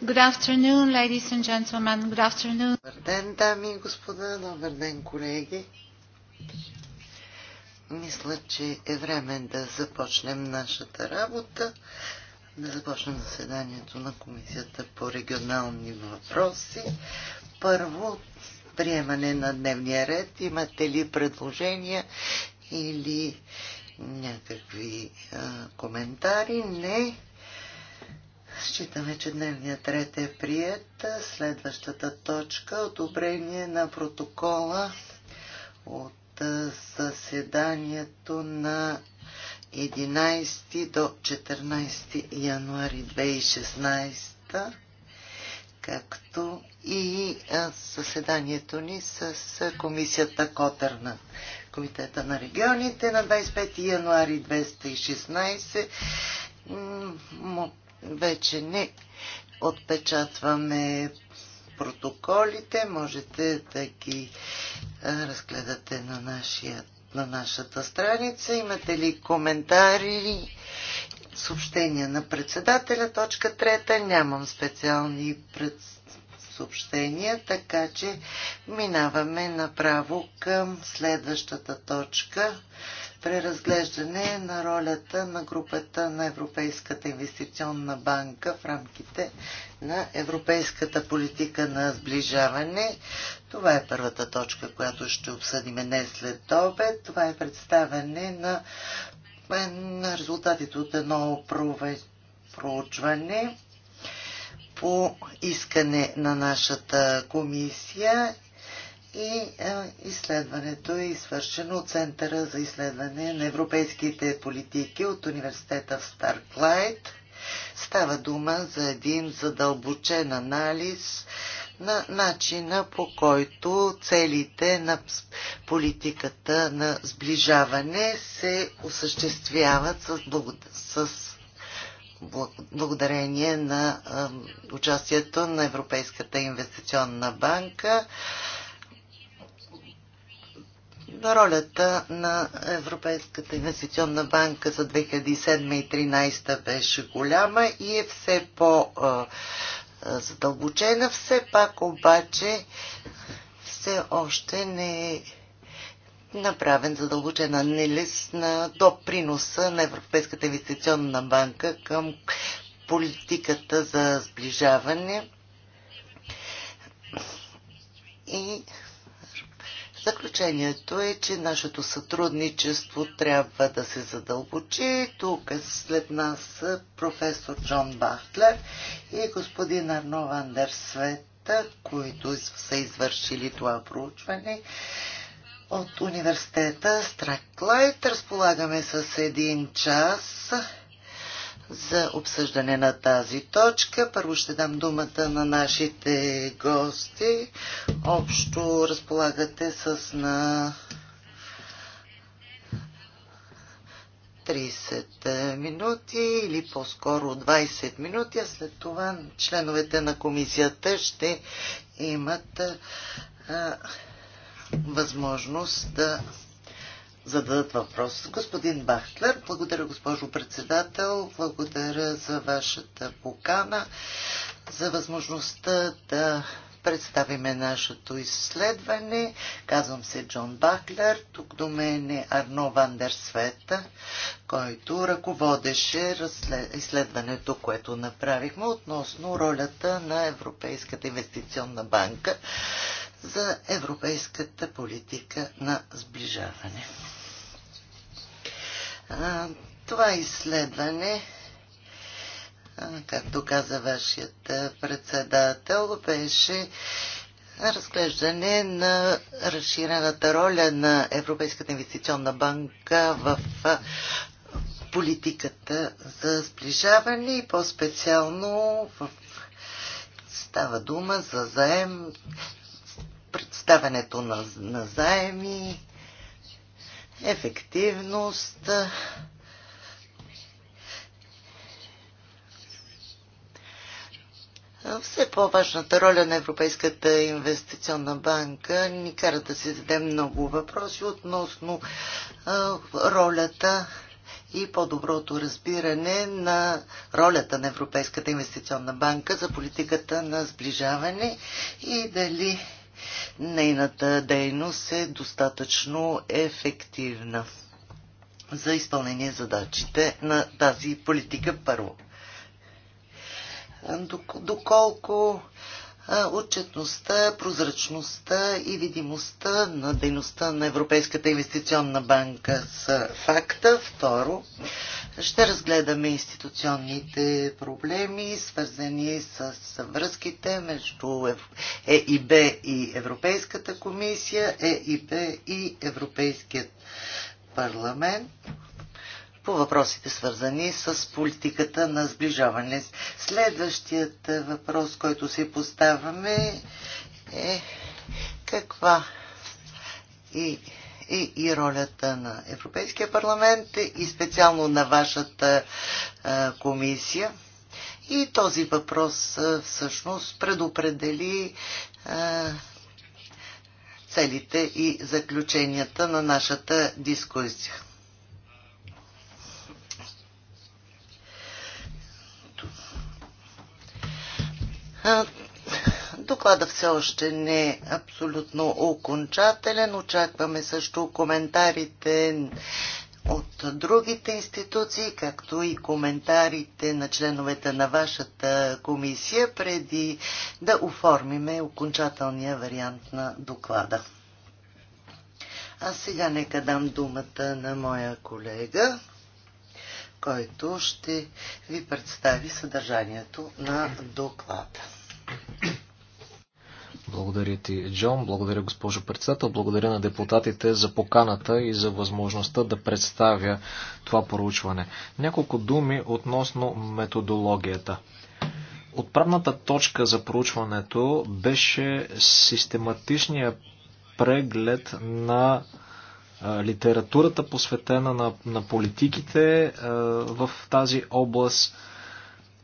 Good afternoon, ladies and gentlemen. Good afternoon. Добър ден, дами и господа. Добър ден, колеги. Мисля, че е време да започнем нашата работа, да започнем заседанието на Комисията по регионални въпроси. Първо, приемане на дневния ред. Имате ли предложения или някакви а, коментари? Не. Считаме, че дневният ред е прият. Следващата точка – одобрение на протокола от заседанието на 11 до 14 януари 2016, както и заседанието ни с комисията Котърна. Комитета на регионите на 25 януари 216 вече не отпечатваме протоколите, можете да ги разгледате на, нашия, на нашата страница. Имате ли коментари? Съобщения на председателя, точка трета. Нямам специални пред... съобщения, така че минаваме направо към следващата точка преразглеждане на ролята на групата на Европейската инвестиционна банка в рамките на Европейската политика на сближаване. Това е първата точка, която ще обсъдим днес след обед. Това е представяне на, на резултатите от едно проучване по искане на нашата комисия и изследването е извършено от Центъра за изследване на европейските политики от университета в Старклайт. Става дума за един задълбочен анализ на начина по който целите на политиката на сближаване се осъществяват с, с благодарение на участието на Европейската инвестиционна банка ролята на Европейската инвестиционна банка за 2007 и 2013 беше голяма и е все по-задълбочена. Все пак обаче все още не е направен задълбочен анализ на до приноса на Европейската инвестиционна банка към политиката за сближаване и Заключението е, че нашето сътрудничество трябва да се задълбочи. Тук е след нас професор Джон Бахтлер и господин Арно Вандерсвета, които са извършили това проучване от университета Страклайт. Разполагаме с един час за обсъждане на тази точка. Първо ще дам думата на нашите гости. Общо разполагате с на 30 е, минути или по-скоро 20 минути, а след това членовете на комисията ще имат а, е, възможност да зададат въпрос. Господин Бахтлер, благодаря госпожо председател, благодаря за вашата покана, за възможността да представиме нашето изследване. Казвам се Джон Бахлер, тук до мен е Арно Вандерсвета, който ръководеше изследването, което направихме относно ролята на Европейската инвестиционна банка за европейската политика на сближаване. Това изследване, както каза вашият председател, беше разглеждане на разширената роля на Европейската инвестиционна банка в политиката за сближаване и по-специално в... става дума за заем, представянето на, на заеми, ефективност. Все по-важната роля на Европейската инвестиционна банка ни кара да си зададем много въпроси относно ролята и по-доброто разбиране на ролята на Европейската инвестиционна банка за политиката на сближаване и дали нейната дейност е достатъчно ефективна за изпълнение задачите на тази политика първо. Доколко отчетността, прозрачността и видимостта на дейността на Европейската инвестиционна банка са факта. Второ, ще разгледаме институционните проблеми, свързани с връзките между ЕИБ и Европейската комисия, ЕИБ и Европейският парламент по въпросите свързани с политиката на сближаване. Следващият въпрос, който си поставяме е каква и е и ролята на Европейския парламент и специално на вашата е, комисия. И този въпрос е, всъщност предопредели е, целите и заключенията на нашата дискусия. Доклада все още не е абсолютно окончателен. Очакваме също коментарите от другите институции, както и коментарите на членовете на вашата комисия, преди да оформиме окончателния вариант на доклада. А сега нека дам думата на моя колега, който ще ви представи съдържанието на доклада. Благодаря ти, Джон. Благодаря, госпожо председател. Благодаря на депутатите за поканата и за възможността да представя това проучване. Няколко думи относно методологията. Отправната точка за проучването беше систематичния преглед на литературата, посветена на, на политиките в тази област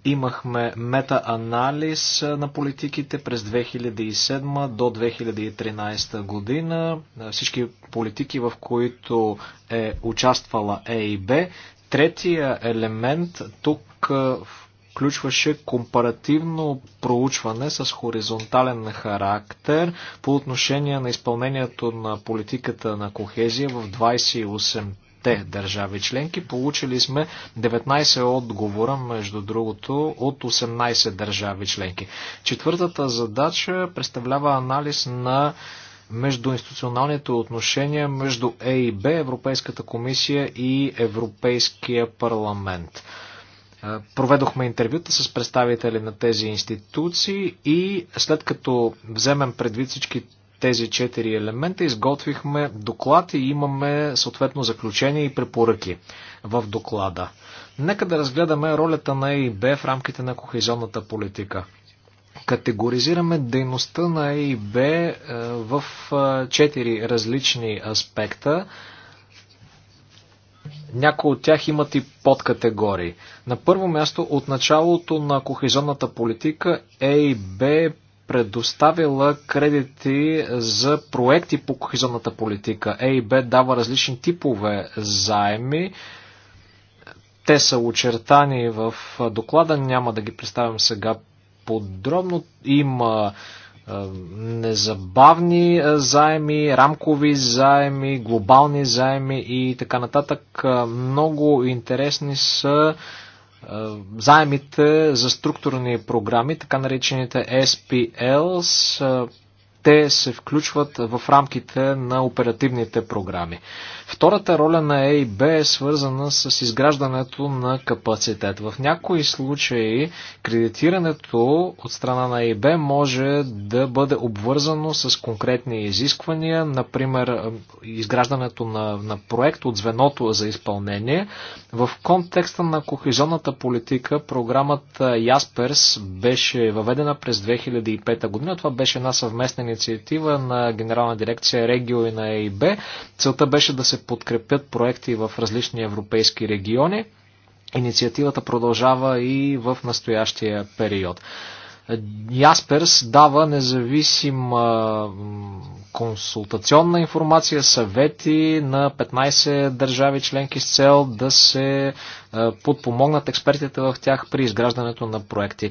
Имахме метаанализ на политиките през 2007 до 2013 година. Всички политики, в които е участвала Е и Б. Третия елемент тук включваше компаративно проучване с хоризонтален характер по отношение на изпълнението на политиката на кохезия в 28 те държави членки. Получили сме 19 отговора, между другото, от 18 държави членки. Четвъртата задача представлява анализ на между институционалните отношения между Е и Б, Европейската комисия и Европейския парламент. Е, проведохме интервюта с представители на тези институции и след като вземем предвид всички тези четири елемента изготвихме доклад и имаме съответно заключение и препоръки в доклада. Нека да разгледаме ролята на ЕИБ в рамките на кохезионната политика. Категоризираме дейността на ЕИБ е, в е, четири различни аспекта. Някои от тях имат и подкатегории. На първо място, от началото на кохезионната политика ЕИБ предоставила кредити за проекти по кохизионната политика. ЕИБ дава различни типове заеми. Те са очертани в доклада, няма да ги представям сега подробно. Има незабавни заеми, рамкови заеми, глобални заеми и така нататък. Много интересни са е, заемите за структурни програми, така наречените SPLs, е, те се включват в рамките на оперативните програми. Втората роля на ЕИБ е свързана с изграждането на капацитет. В някои случаи кредитирането от страна на ЕИБ може да бъде обвързано с конкретни изисквания, например изграждането на, на проект от звеното за изпълнение. В контекста на кохезионната политика програмата Ясперс беше въведена през 2005 година. Това беше една съвместна инициатива на Генерална дирекция Регио и на ЕИБ. Целта беше да се подкрепят проекти в различни европейски региони. Инициативата продължава и в настоящия период. Ясперс дава независима консултационна информация, съвети на 15 държави членки с цел да се подпомогнат експертите в тях при изграждането на проекти.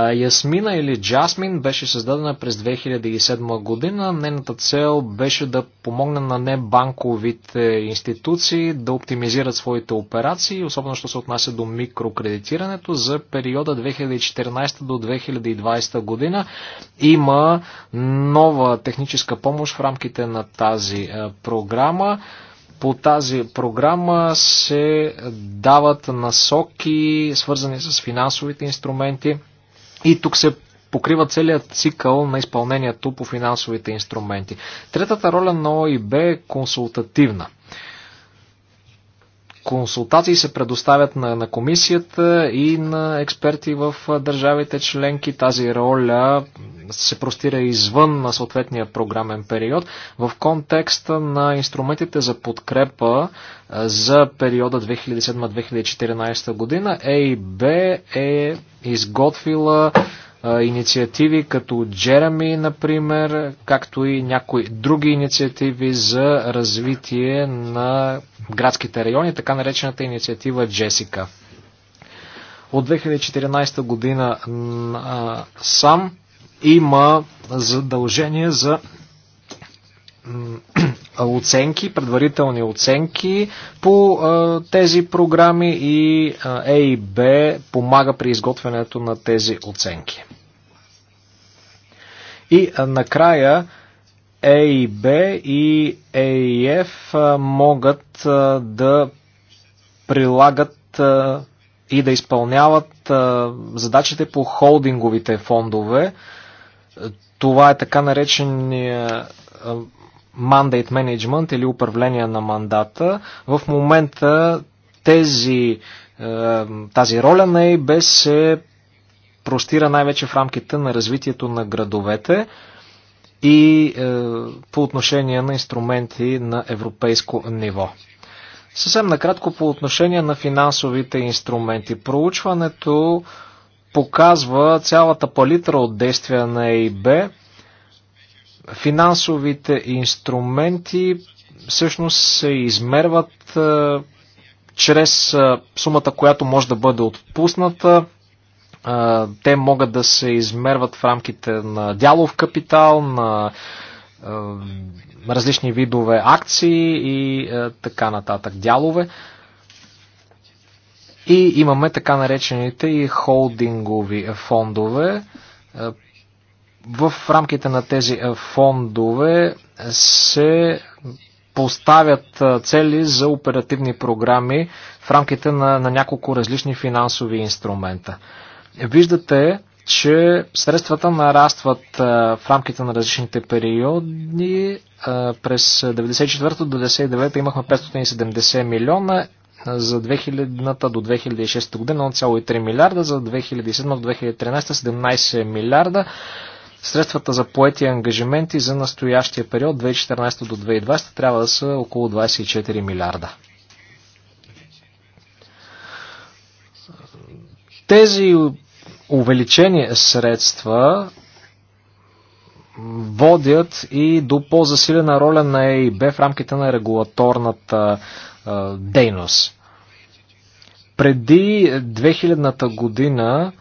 Ясмина или Джасмин беше създадена през 2007 година. Нейната цел беше да помогне на небанковите институции да оптимизират своите операции, особено що се отнася до микрокредитирането за периода 2014 до 2020 година. Има нова техническа помощ в рамките на тази програма по тази програма се дават насоки, свързани с финансовите инструменти. И тук се покрива целият цикъл на изпълнението по финансовите инструменти. Третата роля на ОИБ е консултативна консултации се предоставят на, на комисията и на експерти в държавите членки. Тази роля се простира извън на съответния програмен период. В контекста на инструментите за подкрепа за периода 2007-2014 година ЕИБ е изготвила инициативи като Джереми, например, както и някои други инициативи за развитие на градските райони, така наречената инициатива Джесика. От 2014 година сам има задължение за оценки, предварителни оценки по тези програми и ЕИБ помага при изготвянето на тези оценки. И накрая ЕИБ и ЕИФ могат да прилагат и да изпълняват задачите по холдинговите фондове. Е, това е така наречения мандайт менеджмент или управление на мандата. В момента тези, е, тази роля на ЕИБ се простира най-вече в рамките на развитието на градовете и е, по отношение на инструменти на европейско ниво. Съвсем накратко по отношение на финансовите инструменти. Проучването показва цялата палитра от действия на ЕИБ Финансовите инструменти всъщност се измерват чрез сумата, която може да бъде отпусната. те могат да се измерват в рамките на дялов капитал, на различни видове акции и така нататък дялове. И имаме така наречените и холдингови фондове в рамките на тези е, фондове се поставят е, цели за оперативни програми в рамките на, на няколко различни финансови инструмента. Виждате, че средствата нарастват е, в рамките на различните периоди. През 1994 до 1999 имахме 570 милиона, за 2000 та до 2006 година 1,3 милиарда, за 2007 до 2013 17 милиарда, Средствата за поети ангажименти за настоящия период 2014 до 2020 трябва да са около 24 милиарда. Тези увеличени средства водят и до по-засилена роля на ЕИБ в рамките на регулаторната дейност. Преди 2000-та година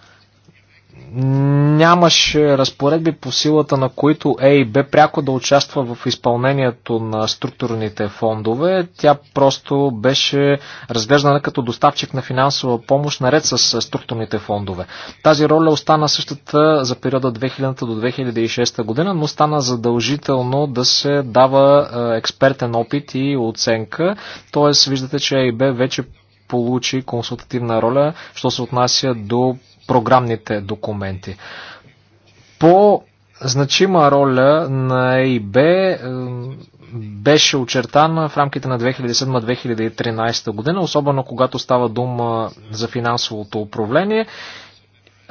нямаше разпоредби по силата на които ЕИБ пряко да участва в изпълнението на структурните фондове. Тя просто беше разглеждана като доставчик на финансова помощ наред с структурните фондове. Тази роля остана същата за периода 2000 до 2006 година, но стана задължително да се дава е, експертен опит и оценка. Тоест, виждате, че ЕИБ вече получи консултативна роля, що се отнася до програмните документи. По значима роля на ЕИБ беше очертана в рамките на 2007-2013 година, особено когато става дума за финансовото управление.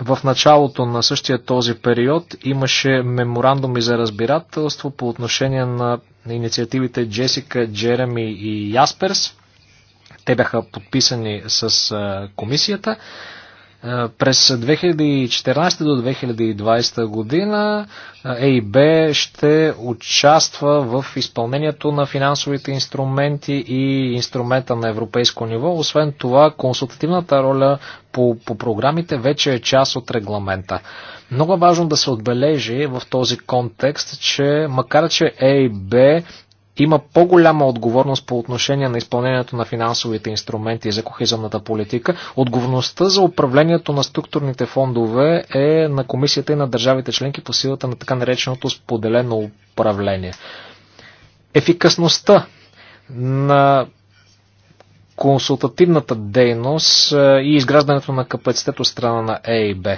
В началото на същия този период имаше меморандуми за разбирателство по отношение на инициативите Джесика, Джереми и Ясперс. Те бяха подписани с комисията. Е, през 2014 до 2020 година е, ЕИБ ще участва в изпълнението на финансовите инструменти и инструмента на европейско ниво. Освен това, консултативната роля по, по програмите вече е част от регламента. Много е важно да се отбележи в този контекст, че макар че ЕИБ има по-голяма отговорност по отношение на изпълнението на финансовите инструменти за кохезионната политика. Отговорността за управлението на структурните фондове е на комисията и на държавите членки по силата на така нареченото споделено управление. Ефикасността на консултативната дейност е, и изграждането на капацитет от страна на ЕИБ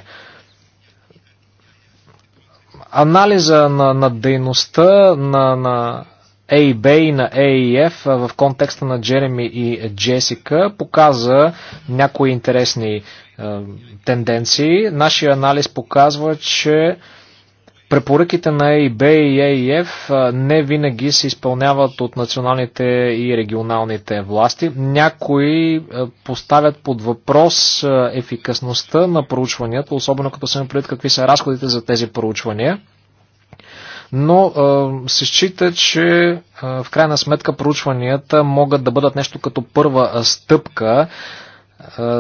анализа на, на дейността на, на AIB и на AEF в контекста на Джереми и Джесика показа някои интересни е, тенденции. Нашия анализ показва, че препоръките на AIB и AIF не винаги се изпълняват от националните и регионалните власти. Някои поставят под въпрос ефикасността на проучванията, особено като се направят какви са разходите за тези проучвания но а, се счита, че а, в крайна сметка проучванията могат да бъдат нещо като първа стъпка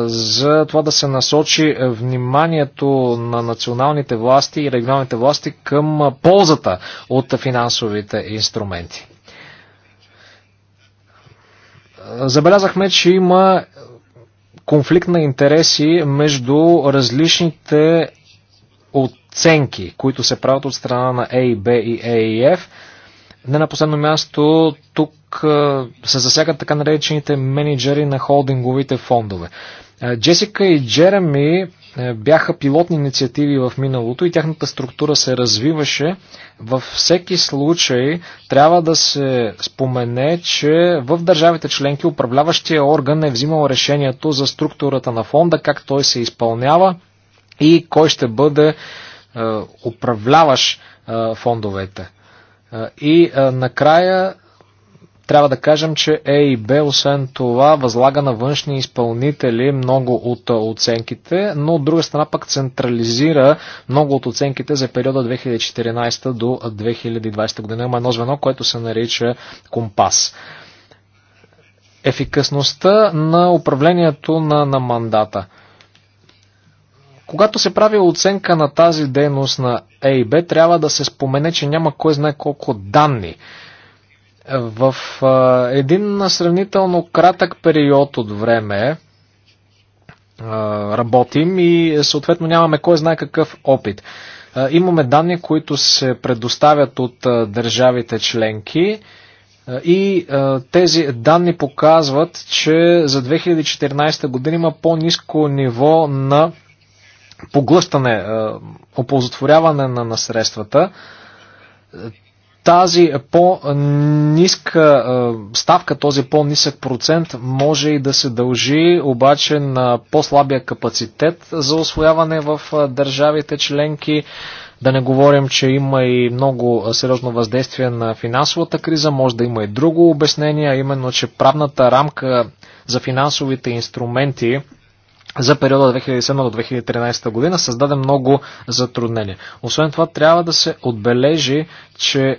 за това да се насочи вниманието на националните власти и регионалните власти към ползата от финансовите инструменти. Забелязахме, че има конфликт на интереси между различните от оценки, които се правят от страна на B и F. Не на последно място, тук се засягат така наречените менеджери на холдинговите фондове. Джесика и Джереми бяха пилотни инициативи в миналото и тяхната структура се развиваше. Във всеки случай трябва да се спомене, че в държавите членки управляващия орган е взимал решението за структурата на фонда, как той се изпълнява и кой ще бъде е, управляваш е, фондовете. Е, и накрая трябва да кажем, че Е и Б, освен това, възлага на външни изпълнители много от оценките, но от друга страна пък централизира много от оценките за периода 2014 до 2020 година. Има едно звено, което се нарича Компас. Ефикасността на управлението на, на мандата – когато се прави оценка на тази дейност на B, трябва да се спомене, че няма кой знае колко данни. В един сравнително кратък период от време работим и съответно нямаме кой знае какъв опит. Имаме данни, които се предоставят от държавите членки. И а, тези данни показват, че за 2014 година има по-низко ниво на поглъщане, е, оползотворяване на, на средствата, е, тази по-ниска е, ставка, този по-нисък процент може и да се дължи обаче на по-слабия капацитет за освояване в държавите членки. Да не говорим, че има и много сериозно въздействие на финансовата криза, може да има и друго обяснение, а именно, че правната рамка за финансовите инструменти за периода 2007 до 2013 година създаде много затруднения. Освен това, трябва да се отбележи, че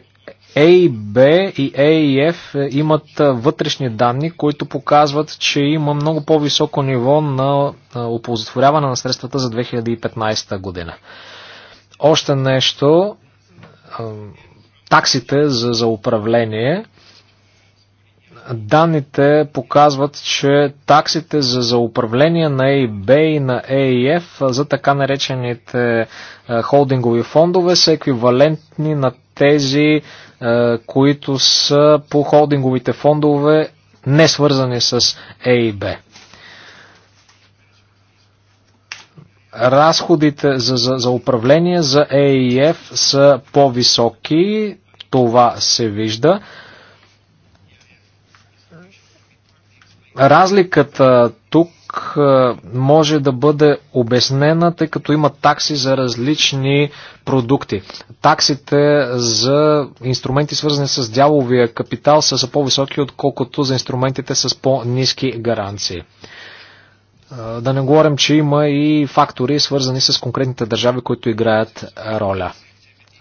AIB и AIF имат вътрешни данни, които показват, че има много по-високо ниво на оползотворяване на средствата за 2015 година. Още нещо, таксите за, за управление данните показват, че таксите за, за управление на EIB и на EIF за така наречените холдингови фондове са еквивалентни на тези, които са по холдинговите фондове, не свързани с AIB. E Разходите за, за, за управление за EIF са по-високи, това се вижда. Разликата тук е, може да бъде обяснена, тъй като има такси за различни продукти. Таксите за инструменти, свързани с дяловия капитал, са, са по-високи, отколкото за инструментите с по-низки гаранции. Е, да не говорим, че има и фактори, свързани с конкретните държави, които играят роля.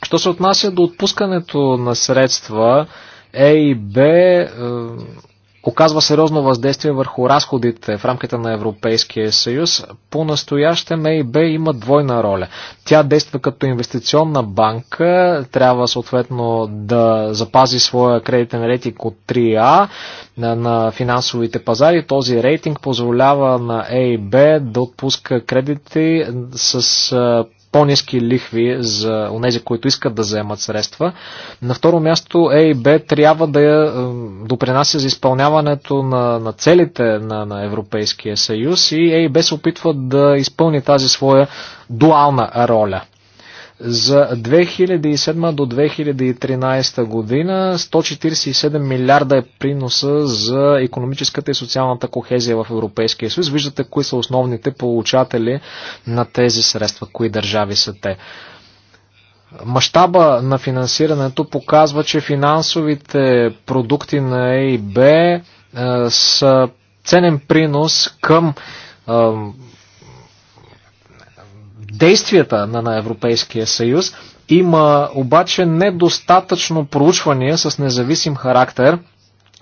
Що се отнася до отпускането на средства, A и B. Е, оказва сериозно въздействие върху разходите в рамките на Европейския съюз. По-настоящем ЕИБ има двойна роля. Тя действа като инвестиционна банка, трябва съответно да запази своя кредитен рейтинг от 3А на, на финансовите пазари. Този рейтинг позволява на ЕИБ да отпуска кредити с по-низки лихви за онези, които искат да заемат средства. На второ място ЕИБ трябва да я е, допринася за изпълняването на, на целите на, на Европейския съюз и ЕИБ се опитва да изпълни тази своя дуална роля – за 2007 до 2013 година 147 милиарда е приноса за економическата и социалната кохезия в Европейския съюз. Виждате кои са основните получатели на тези средства, кои държави са те. Мащаба на финансирането показва, че финансовите продукти на ЕИБ е, са ценен принос към е, действията на, на Европейския съюз. Има обаче недостатъчно проучвания с независим характер,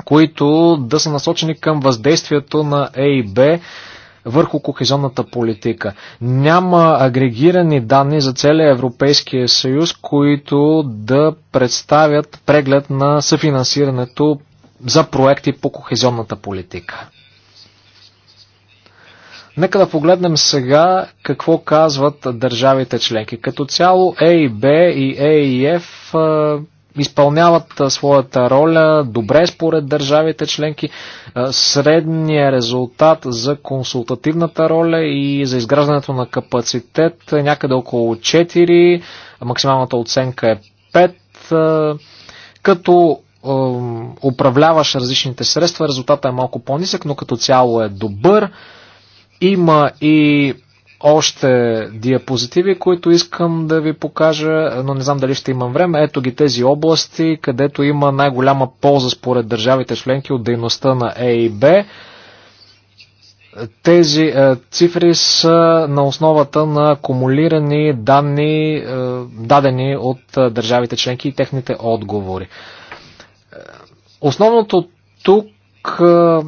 които да са насочени към въздействието на ЕИБ върху кохезионната политика. Няма агрегирани данни за целия Европейския съюз, които да представят преглед на съфинансирането за проекти по кохезионната политика. Нека да погледнем сега какво казват държавите членки. Като цяло A и B и A и F изпълняват своята роля добре според държавите членки. Средният резултат за консултативната роля и за изграждането на капацитет е някъде около 4, максималната оценка е 5, като управляваш различните средства, резултата е малко по-нисък, но като цяло е добър. Има и още диапозитиви, които искам да ви покажа, но не знам дали ще имам време. Ето ги тези области, където има най-голяма полза според държавите членки от дейността на ЕИБ. Тези е, цифри са на основата на акумулирани данни, е, дадени от е, държавите членки и техните отговори. Е, основното тук е,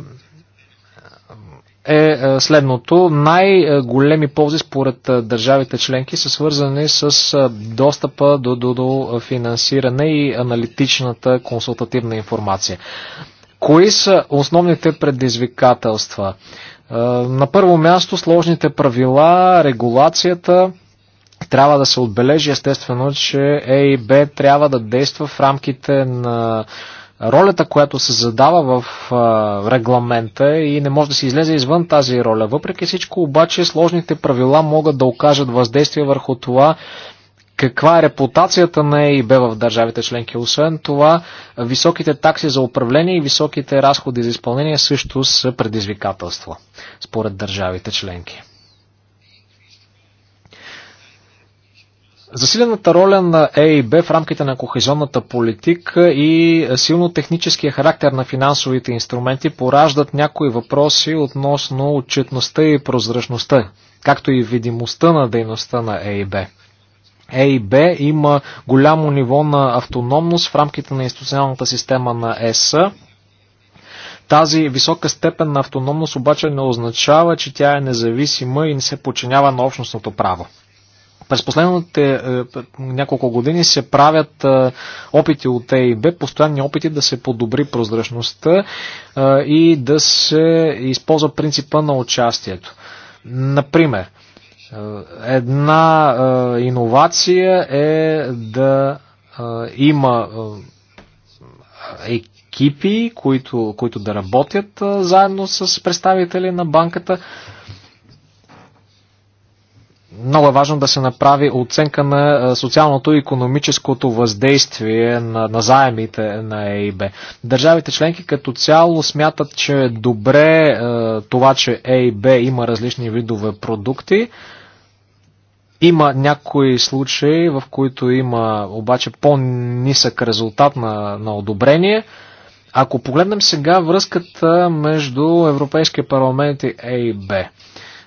е, е следното. Най-големи ползи според е, държавите членки са свързани с е, достъпа до, до, до финансиране и аналитичната консултативна информация. Кои са основните предизвикателства? На първо място сложните правила, регулацията. Трябва да се отбележи естествено, че ЕИБ трябва да действа в рамките на ролята, която се задава в регламента и не може да се излезе извън тази роля. Въпреки всичко, обаче, сложните правила могат да окажат въздействие върху това, каква е репутацията на ЕИБ в държавите членки. Освен това, високите такси за управление и високите разходи за изпълнение също са предизвикателства, според държавите членки. Засилената роля на ЕИБ в рамките на кохезионната политика и силно техническия характер на финансовите инструменти пораждат някои въпроси относно отчетността и прозрачността, както и видимостта на дейността на ЕИБ. ЕИБ има голямо ниво на автономност в рамките на институционалната система на ЕС. Тази висока степен на автономност обаче не означава, че тя е независима и не се подчинява на общностното право. През последните е, няколко години се правят е, опити от ЕИБ, постоянни опити да се подобри прозрачността е, и да се използва принципа на участието. Например, е, една е, иновация е да е, има е, екипи, които, които да работят е, заедно с представители на банката много е важно да се направи оценка на социалното и економическото въздействие на, на заемите на ЕИБ. Държавите членки като цяло смятат, че е добре е, това, че ЕИБ има различни видове продукти. Има някои случаи, в които има обаче по-нисък резултат на, на одобрение. Ако погледнем сега връзката между Европейския парламент и ЕИБ,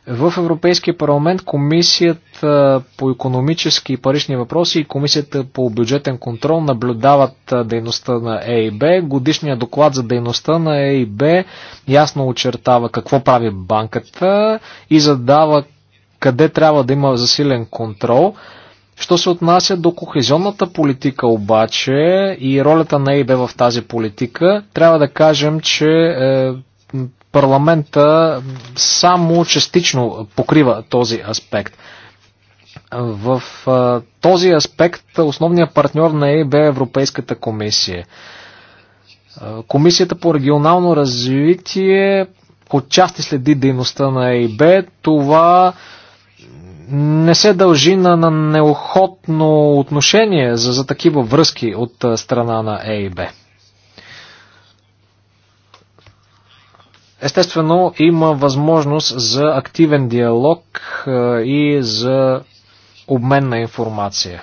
в Европейския парламент Комисията по економически и парични въпроси и Комисията по бюджетен контрол наблюдават дейността на ЕИБ. Годишният доклад за дейността на ЕИБ ясно очертава какво прави банката и задава къде трябва да има засилен контрол. Що се отнася до кохезионната политика обаче и ролята на ЕИБ в тази политика, трябва да кажем, че е, парламента само частично покрива този аспект. В този аспект основният партньор на ЕБ е Европейската комисия. Комисията по регионално развитие отчасти следи дейността на ЕИБ. Това не се дължи на, на неохотно отношение за, за такива връзки от страна на ЕИБ. Естествено, има възможност за активен диалог е, и за обмен на информация.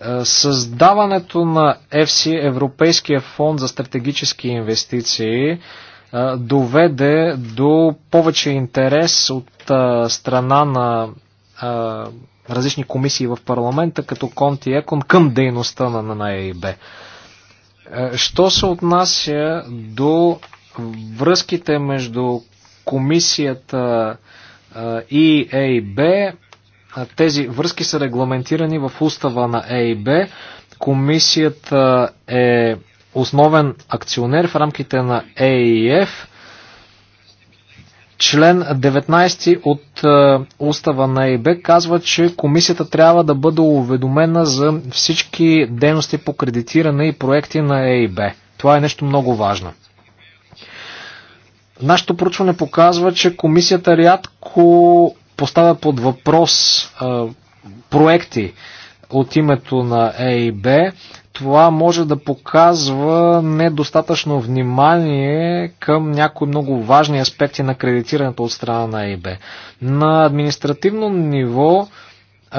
Е, създаването на ЕФСИ, Европейския фонд за стратегически инвестиции, е, доведе до повече интерес от страна на различни комисии в парламента, като Конти Екон, към дейността на ЕИБ. Що се отнася до връзките между комисията и ЕИБ, тези връзки са регламентирани в устава на ЕИБ. Комисията е основен акционер в рамките на ЕИФ. Член 19 от устава на ЕИБ казва, че комисията трябва да бъде уведомена за всички дейности по кредитиране и проекти на ЕИБ. Това е нещо много важно. Нашето проучване показва, че комисията рядко поставя под въпрос а, проекти от името на ЕИБ. Това може да показва недостатъчно внимание към някои много важни аспекти на кредитирането от страна на ЕИБ. На административно ниво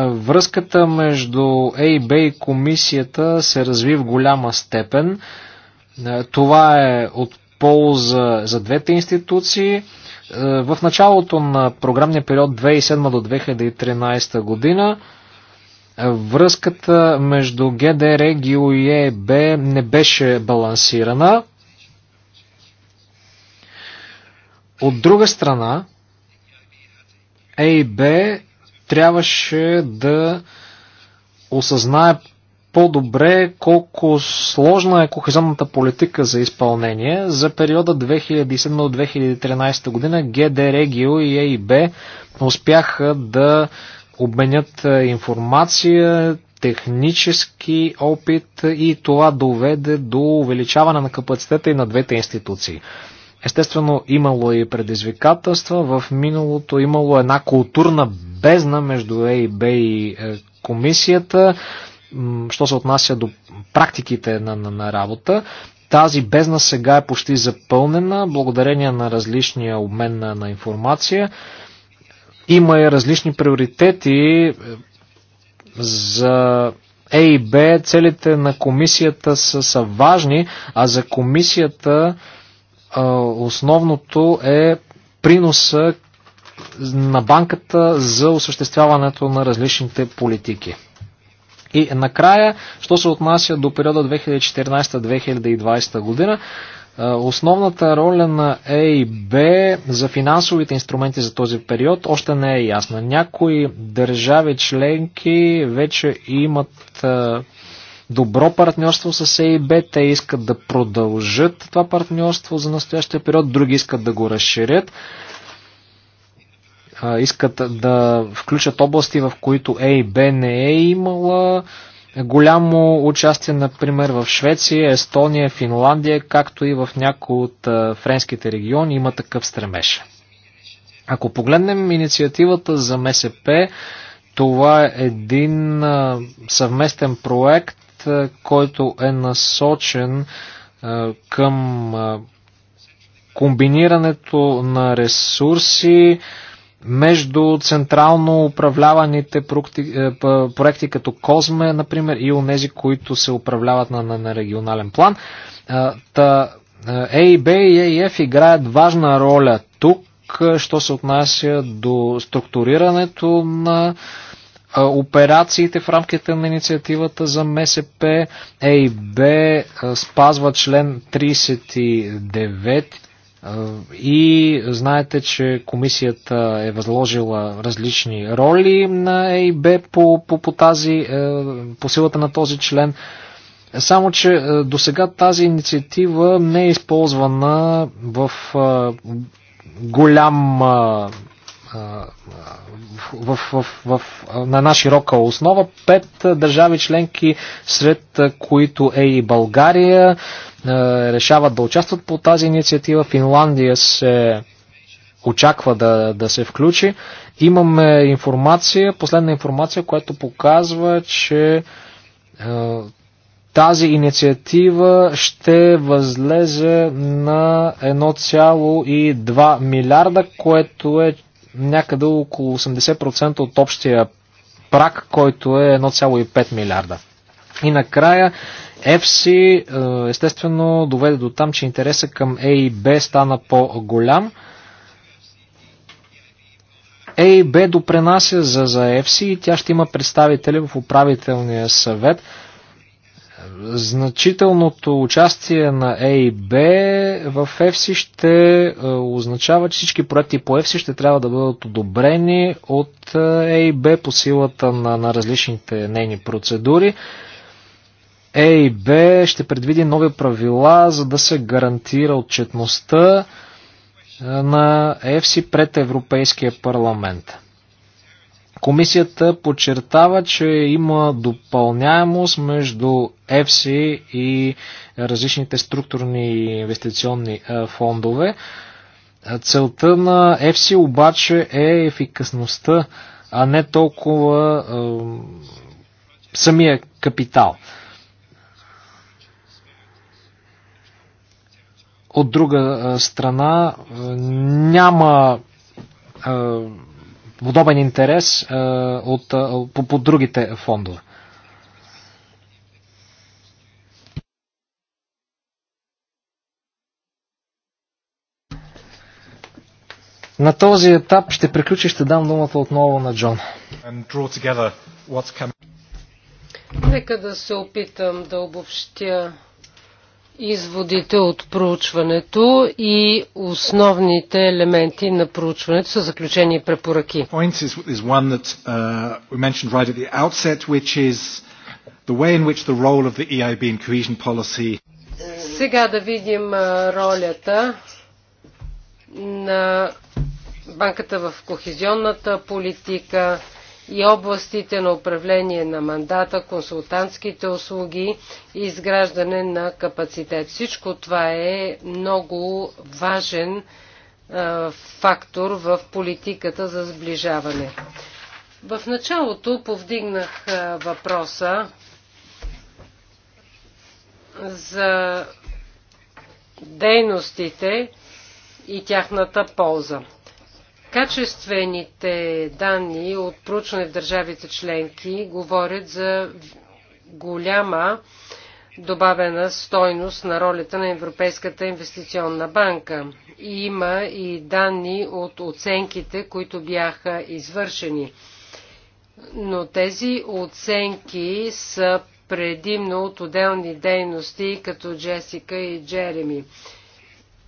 връзката между AIB е и комисията се разви в голяма степен. Това е от полза за двете институции. Е, в началото на програмния период 2007 до 2013 година е, връзката между ГД Регио и ЕБ не беше балансирана. От друга страна, ЕИБ трябваше да осъзнае по-добре колко сложна е кохезионната политика за изпълнение. За периода 2007-2013 година ГД Регио и ЕИБ успяха да обменят е, информация, технически опит и това доведе до увеличаване на капацитета и на двете институции. Естествено, имало и предизвикателства. В миналото имало една културна бездна между ЕИБ и е, комисията що се отнася до практиките на, на, на работа, тази бездна сега е почти запълнена, благодарение на различния обмен на, на информация. Има и различни приоритети е, за Е и Б. Целите на комисията са, са важни, а за комисията а, е, основното е приноса на банката за осъществяването на различните политики. И накрая, що се отнася до периода 2014-2020 година, Основната роля на B за финансовите инструменти за този период още не е ясна. Някои държави членки вече имат добро партньорство с ЕИБ. Те искат да продължат това партньорство за настоящия период, други искат да го разширят искат да включат области, в които A и B не е имала голямо участие, например, в Швеция, Естония, Финландия, както и в някои от френските региони има такъв стремеж. Ако погледнем инициативата за МСП, това е един съвместен проект, който е насочен към комбинирането на ресурси, между централно управляваните проекти, е, проекти като Козме, например, и онези, които се управляват на, на, на регионален план. Е, та, ЕИБ и ЕИФ e, играят важна роля тук, е, що се отнася до структурирането на операциите в рамките на инициативата за МСП. ЕИБ спазва член 39 и знаете, че комисията е възложила различни роли на ЕИБ по, по, по, тази, е, по силата на този член. Само, че е, до сега тази инициатива не е използвана в е, голям в, в, в, на една широка основа. Пет държави членки, сред които е и България, решават да участват по тази инициатива. Финландия се очаква да, да се включи. Имаме информация, последна информация, която показва, че тази инициатива ще възлезе на 1,2 милиарда, което е някъде около 80% от общия прак, който е 1,5 милиарда. И накрая FC е, естествено доведе до там, че интереса към A е и B стана по-голям. A е и B допренася за, за FC и тя ще има представители в управителния съвет – Значителното участие на ЕИБ в ЕФСИ ще е, означава, че всички проекти по ЕФСИ ще трябва да бъдат одобрени от ЕИБ по силата на, на различните нейни процедури. ЕИБ ще предвиди нови правила, за да се гарантира отчетността е, на ЕФСИ пред Европейския парламент. Комисията подчертава, че има допълняемост между EFSI и различните структурни инвестиционни фондове. Целта на EFSI обаче е ефикасността, а не толкова е, самия капитал. От друга страна, няма е, подобен интерес е, от, е, по, по другите фондове. На този етап ще приключи, ще дам думата отново на Джон. Нека да се опитам да обобщя изводите от проучването и основните елементи на проучването са заключени и препоръки. Uh, e Сега да видим uh, ролята на банката в кохезионната политика, и областите на управление на мандата, консултантските услуги и изграждане на капацитет. Всичко това е много важен фактор в политиката за сближаване. В началото повдигнах въпроса за дейностите и тяхната полза. Качествените данни от проучване в държавите членки говорят за голяма добавена стойност на ролята на Европейската инвестиционна банка. Има и данни от оценките, които бяха извършени. Но тези оценки са предимно от отделни дейности, като Джесика и Джереми.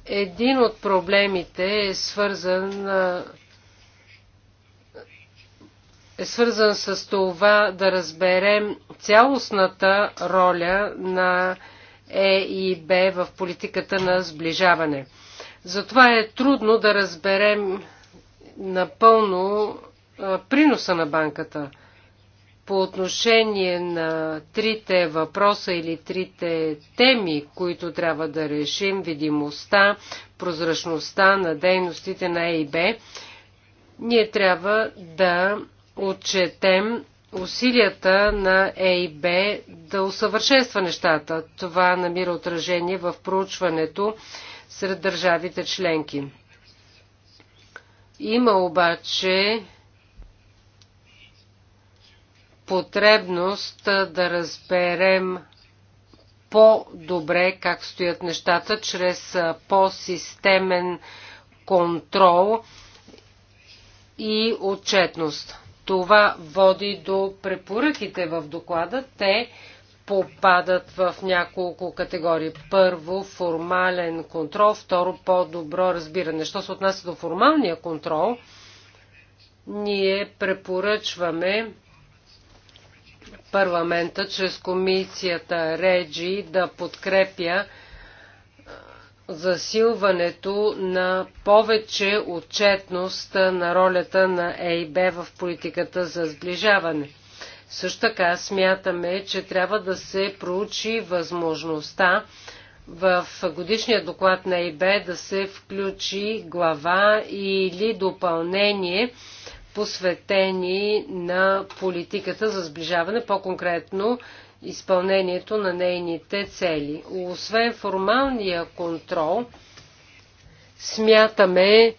Един от проблемите е свързан е свързан с това да разберем цялостната роля на Е и Б в политиката на сближаване. Затова е трудно да разберем напълно приноса на банката – по отношение на трите въпроса или трите теми, които трябва да решим, видимостта, прозрачността на дейностите на ЕИБ, ние трябва да отчетем усилията на ЕИБ да усъвършенства нещата. Това намира отражение в проучването сред държавите членки. Има обаче потребност да разберем по-добре как стоят нещата чрез по-системен контрол и отчетност. Това води до препоръките в доклада. Те попадат в няколко категории. Първо, формален контрол. Второ, по-добро разбиране. Що се отнася до формалния контрол, ние препоръчваме парламента чрез комисията Реджи да подкрепя засилването на повече отчетност на ролята на ЕИБ в политиката за сближаване. Също така смятаме, че трябва да се проучи възможността в годишния доклад на ЕИБ да се включи глава или допълнение – посветени на политиката за сближаване, по-конкретно изпълнението на нейните цели. Освен формалния контрол, смятаме,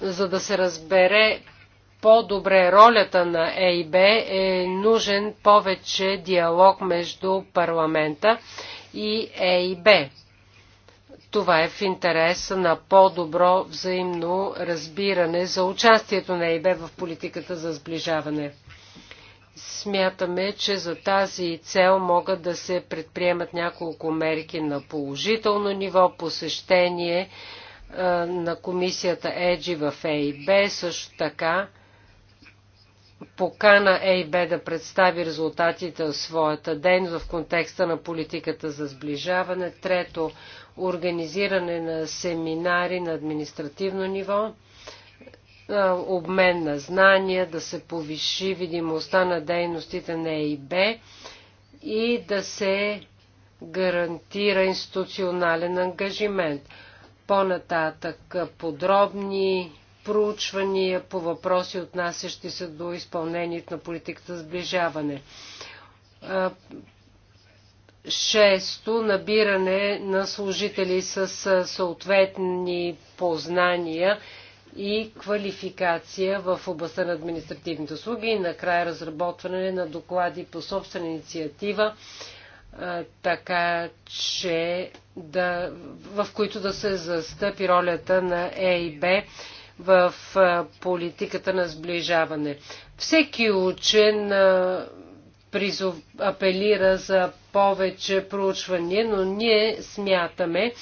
за да се разбере по-добре ролята на ЕИБ, е нужен повече диалог между парламента и ЕИБ. Това е в интерес на по-добро взаимно разбиране за участието на ЕБ в политиката за сближаване. Смятаме, че за тази цел могат да се предприемат няколко мерки на положително ниво, посещение на комисията ЕДЖИ в ЕИБ, също така покана ЕИБ да представи резултатите от своята дейност в контекста на политиката за сближаване. Трето, организиране на семинари на административно ниво, обмен на знания, да се повиши видимостта на дейностите на ЕИБ и да се гарантира институционален ангажимент. По-нататък подробни проучвания по въпроси, отнасящи се до изпълнението на политиката сближаване. Шесто, набиране на служители с съответни познания и квалификация в областта на административните услуги и накрая разработване на доклади по собствена инициатива, така че да, в които да се застъпи ролята на ЕИБ в политиката на сближаване. Всеки учен призов, апелира за повече проучване, но ние смятаме,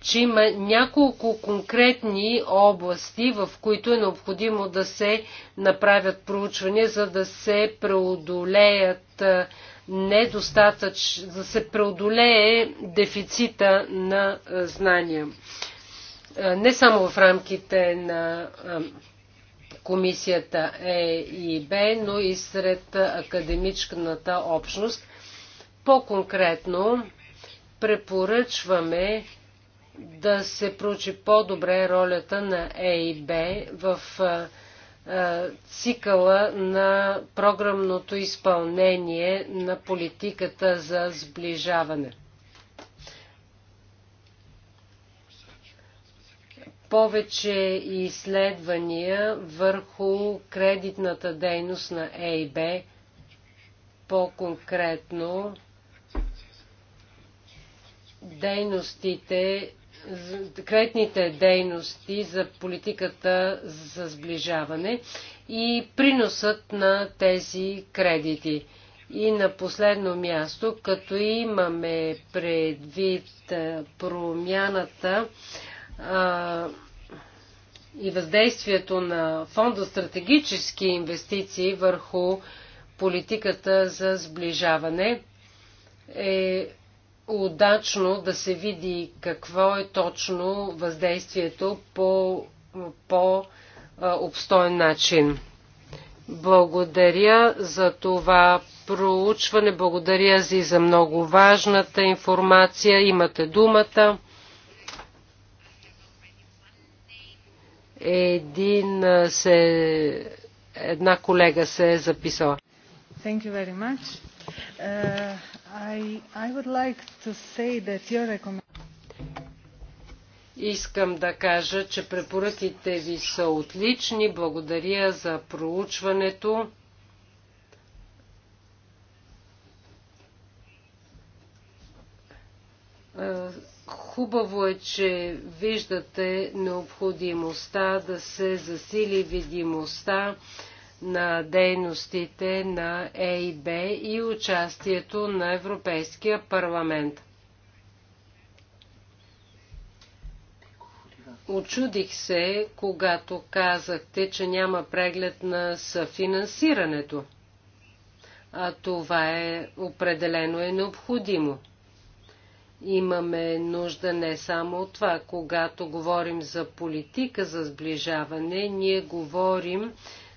че има няколко конкретни области, в които е необходимо да се направят проучвания, за да се преодолеят недостатъч, да се преодолее дефицита на знания. Е, не само в рамките на е, комисията Е и Б, но и сред академичната общност. По-конкретно препоръчваме да се проучи по-добре ролята на Е и Б в е, цикъла на програмното изпълнение на политиката за сближаване. повече изследвания върху кредитната дейност на ЕИБ, по-конкретно дейностите, кредитните дейности за политиката за сближаване и приносът на тези кредити. И на последно място, като имаме предвид промяната а, и въздействието на фонда стратегически инвестиции върху политиката за сближаване е удачно да се види какво е точно въздействието по, по обстоен начин. Благодаря за това проучване, благодаря си за много важната информация. Имате думата. Един се, една колега се е записала. Thank you very much. Uh, I, I would like to say that your recommendation Искам да кажа, че препоръките ви са отлични. Благодаря за проучването. Uh, Хубаво е, че виждате необходимостта да се засили видимостта на дейностите на ЕИБ и участието на Европейския парламент. Очудих се, когато казахте, че няма преглед на съфинансирането. А това е определено е необходимо. Имаме нужда не само от това. Когато говорим за политика за сближаване, ние говорим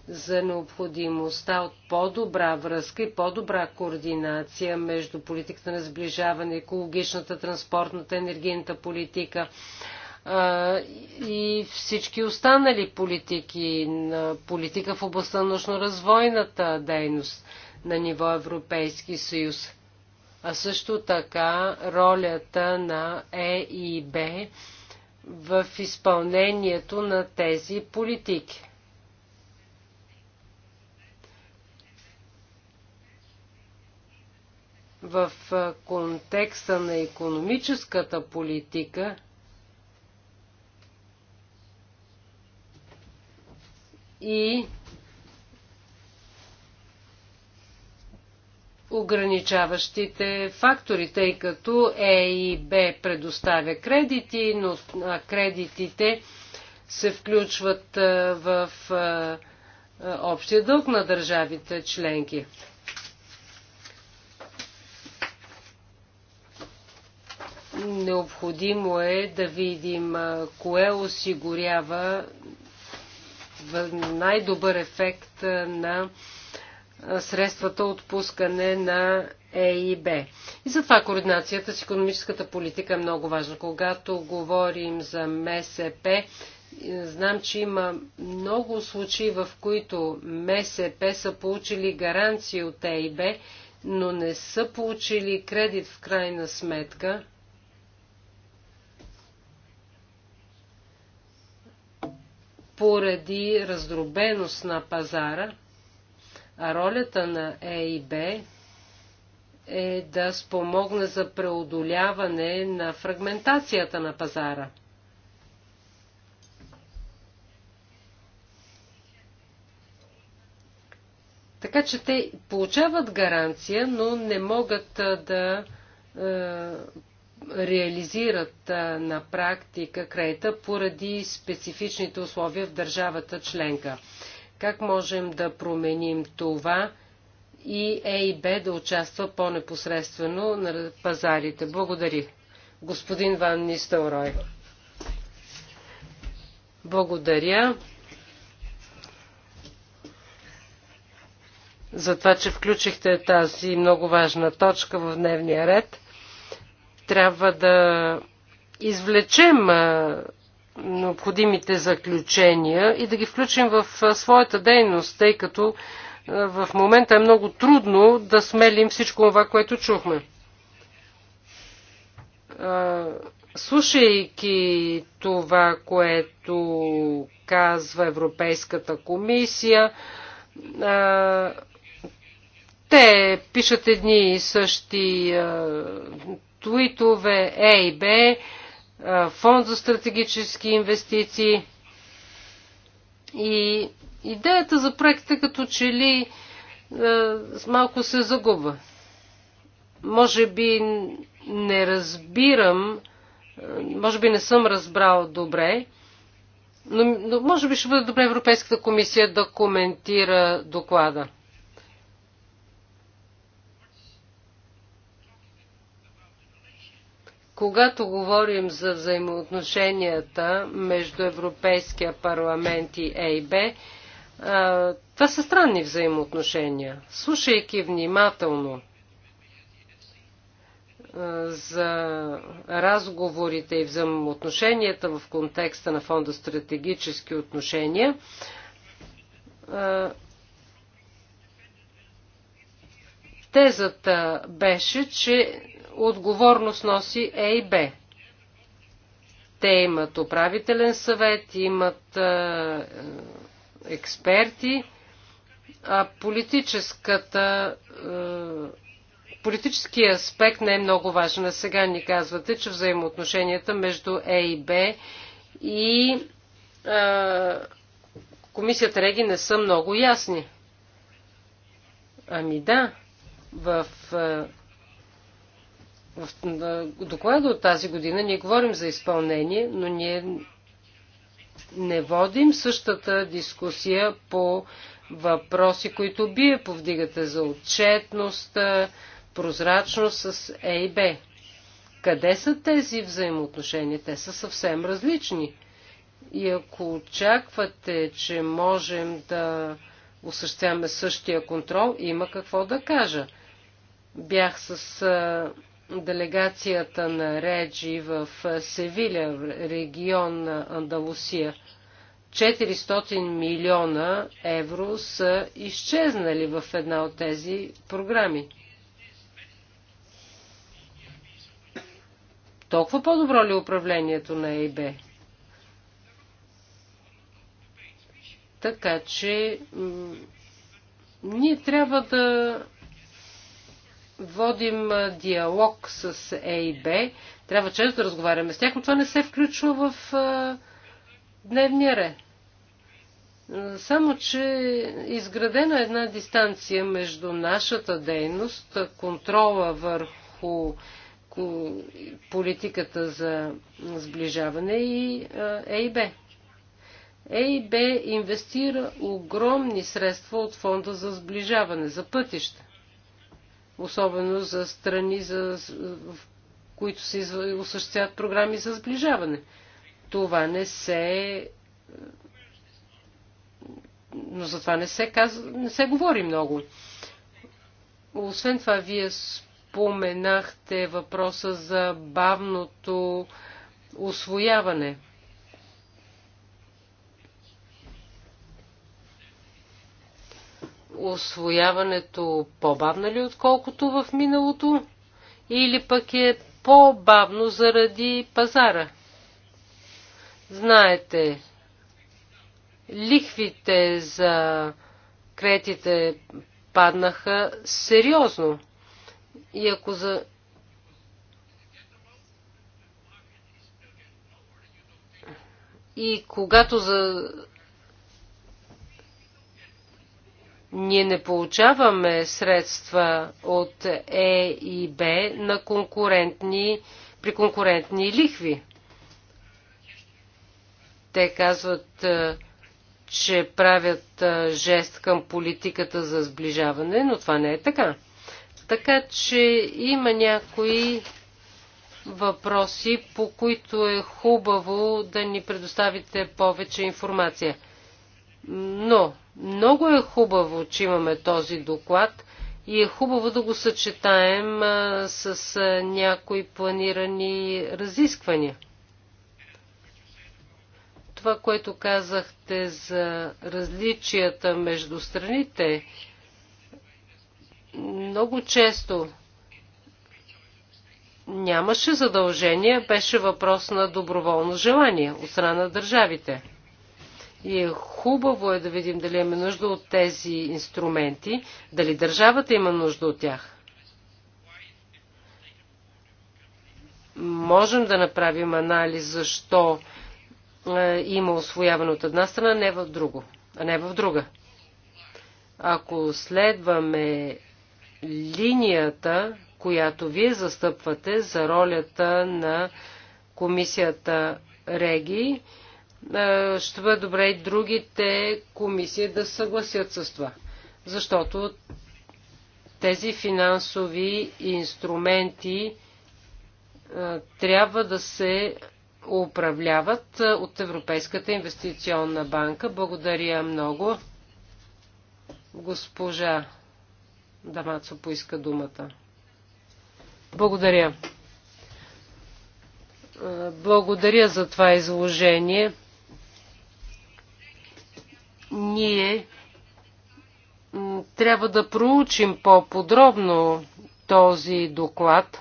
за необходимостта от по-добра връзка и по-добра координация между политиката на сближаване, екологичната, транспортната, енергийната политика и всички останали политики, политика в областта на научно-развойната дейност на ниво Европейски съюз а също така ролята на е Б в изпълнението на тези политики. В контекста на економическата политика и ограничаващите фактори, тъй като Е и Б предоставя кредити, но кредитите се включват в общия дълг на държавите членки. Необходимо е да видим кое осигурява най-добър ефект на средствата отпускане на Е и Б. И затова координацията с економическата политика е много важна. Когато говорим за МСП, е, знам, че има много случаи, в които МСП са получили гаранции от Е и Б, но не са получили кредит в крайна сметка. поради раздробеност на пазара – а ролята на е Б е да спомогне за преодоляване на фрагментацията на пазара. Така че те получават гаранция, но не могат да е, реализират е, на практика крета поради специфичните условия в държавата членка. Как можем да променим това и Е и Б да участва по-непосредствено на пазарите? Благодари. Господин Ван Нистелрой. Благодаря. за това, че включихте тази много важна точка в дневния ред. Трябва да извлечем необходимите заключения и да ги включим в своята дейност, тъй като в момента е много трудно да смелим всичко това, което чухме. Слушайки това, което казва Европейската комисия, те пишат едни и същи твитове, Е и Б, фонд за стратегически инвестиции. И идеята за проекта като че ли малко се загубва. Може би не разбирам, може би не съм разбрал добре, но, но може би ще бъде добре Европейската комисия да коментира доклада. Когато говорим за взаимоотношенията между Европейския парламент и ЕИБ, това са странни взаимоотношения. Слушайки внимателно за разговорите и взаимоотношенията в контекста на фонда стратегически отношения, тезата беше, че отговорност носи Е и Б. Те имат управителен съвет, имат е, е, експерти, а политическата, е, политическия аспект не е много важен. А сега ни казвате, че взаимоотношенията между Е и Б и е, комисията Реги не са много ясни. Ами да, в е, доклада от тази година ние говорим за изпълнение, но ние не водим същата дискусия по въпроси, които бие повдигате за отчетност, прозрачност с Е и Б. Къде са тези взаимоотношения? Те са съвсем различни. И ако очаквате, че можем да осъществяваме същия контрол, има какво да кажа. Бях с делегацията на Реджи в Севиля, регион на Андалусия. 400 милиона евро са изчезнали в една от тези програми. Толкова по-добро ли е управлението на ЕБ? Така че ние трябва да водим диалог с ЕИБ. Трябва често да разговаряме с тях, но това не се включва в дневния ред. Само, че изградена е една дистанция между нашата дейност, контрола върху политиката за сближаване и АИБ. Е ЕИБ инвестира огромни средства от фонда за сближаване, за пътища особено за страни, за, в които се осъществяват програми за сближаване. Това не се. Но за това не се, каз... не се говори много. Освен това, вие споменахте въпроса за бавното освояване. освояването по-бавна ли отколкото в миналото? Или пък е по-бавно заради пазара? Знаете, лихвите за кредитите паднаха сериозно. И ако за... И когато за Ние не получаваме средства от Е и Б на конкурентни, при конкурентни лихви. Те казват, е, че правят е, жест към политиката за сближаване, но това не е така. Така че има някои въпроси, по които е хубаво да ни предоставите повече информация. Но много е хубаво, че имаме този доклад и е хубаво да го съчетаем с някои планирани разисквания. Това, което казахте за различията между страните, много често нямаше задължение, беше въпрос на доброволно желание от страна на държавите. И е хубаво е да видим дали имаме нужда от тези инструменти, дали държавата има нужда от тях. Можем да направим анализ защо е, има освояване от една страна, не в друго, а не в друга. Ако следваме линията, която вие застъпвате за ролята на комисията Реги, е, ще бъде добре и другите комисии да съгласят с това. Защото тези финансови инструменти е, трябва да се управляват е, от Европейската инвестиционна банка. Благодаря много. Госпожа Дамацо поиска думата. Благодаря. Благодаря за това изложение. Ние трябва да проучим по-подробно този доклад.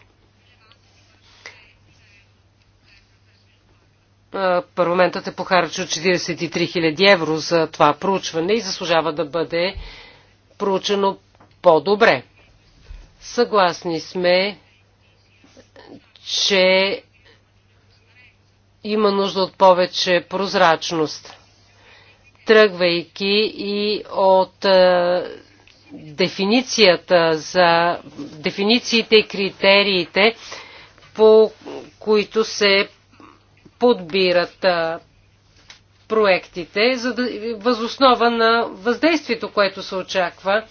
Парламентът е похарчил 43 000 евро за това проучване и заслужава да бъде проучено по-добре. Съгласни сме, че има нужда от повече прозрачност тръгвайки и от е, дефиницията за дефинициите и критериите, по които се подбират е, проектите, за да, възоснова на въздействието, което се очаква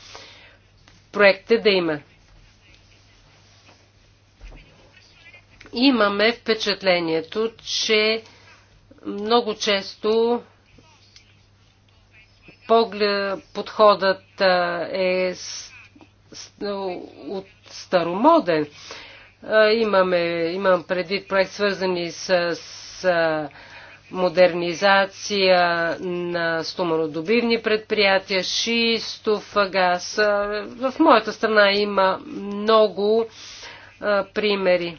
проектите да има. Имаме впечатлението, че много често поглед, подходът е от старомоден. Имаме, имам предвид проект свързани с, с модернизация на стоманодобивни предприятия, шистов газ. В моята страна има много а, примери.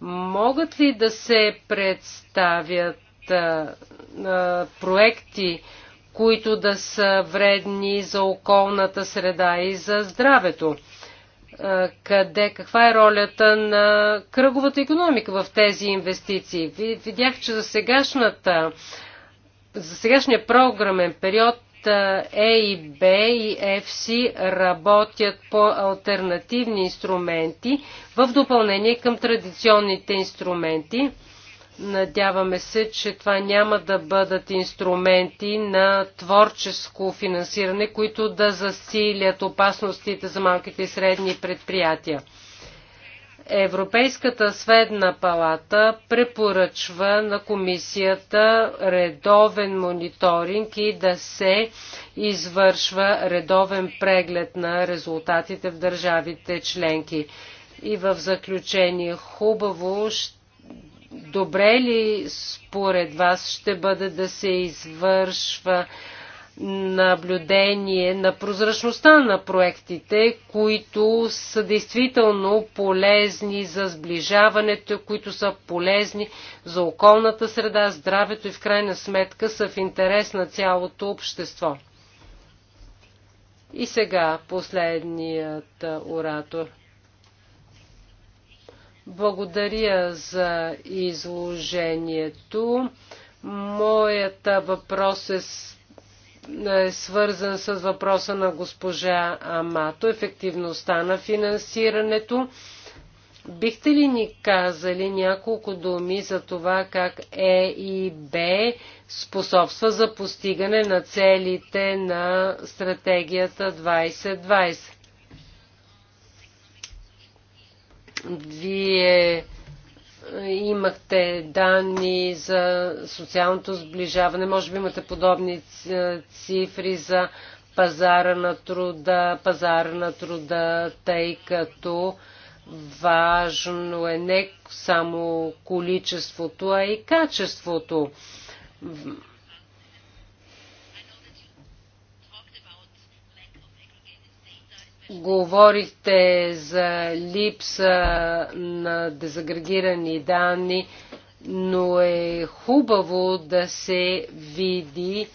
Могат ли да се представят а, а, проекти, които да са вредни за околната среда и за здравето. Е, къде, каква е ролята на кръговата економика в тези инвестиции? Видях, че за, сегашната, за сегашния програмен период A е, е и B и FC работят по альтернативни инструменти в допълнение към традиционните инструменти. Надяваме се, че това няма да бъдат инструменти на творческо финансиране, които да засилят опасностите за малките и средни предприятия. Европейската сведна палата препоръчва на комисията редовен мониторинг и да се извършва редовен преглед на резултатите в държавите членки. И в заключение хубаво ще добре ли според вас ще бъде да се извършва наблюдение на прозрачността на проектите, които са действително полезни за сближаването, които са полезни за околната среда, здравето и в крайна сметка са в интерес на цялото общество. И сега последният оратор – благодаря за изложението. Моят въпрос е, е свързан с въпроса на госпожа Амато, ефективността на финансирането. Бихте ли ни казали няколко думи за това как Е и Б способства за постигане на целите на стратегията 2020? Вие е, имахте данни за социалното сближаване, може би имате подобни е, цифри за пазара на труда, пазара на труда, тъй като важно е не само количеството, а и качеството. Говорихте за липса на дезагрегирани данни, но е хубаво да се види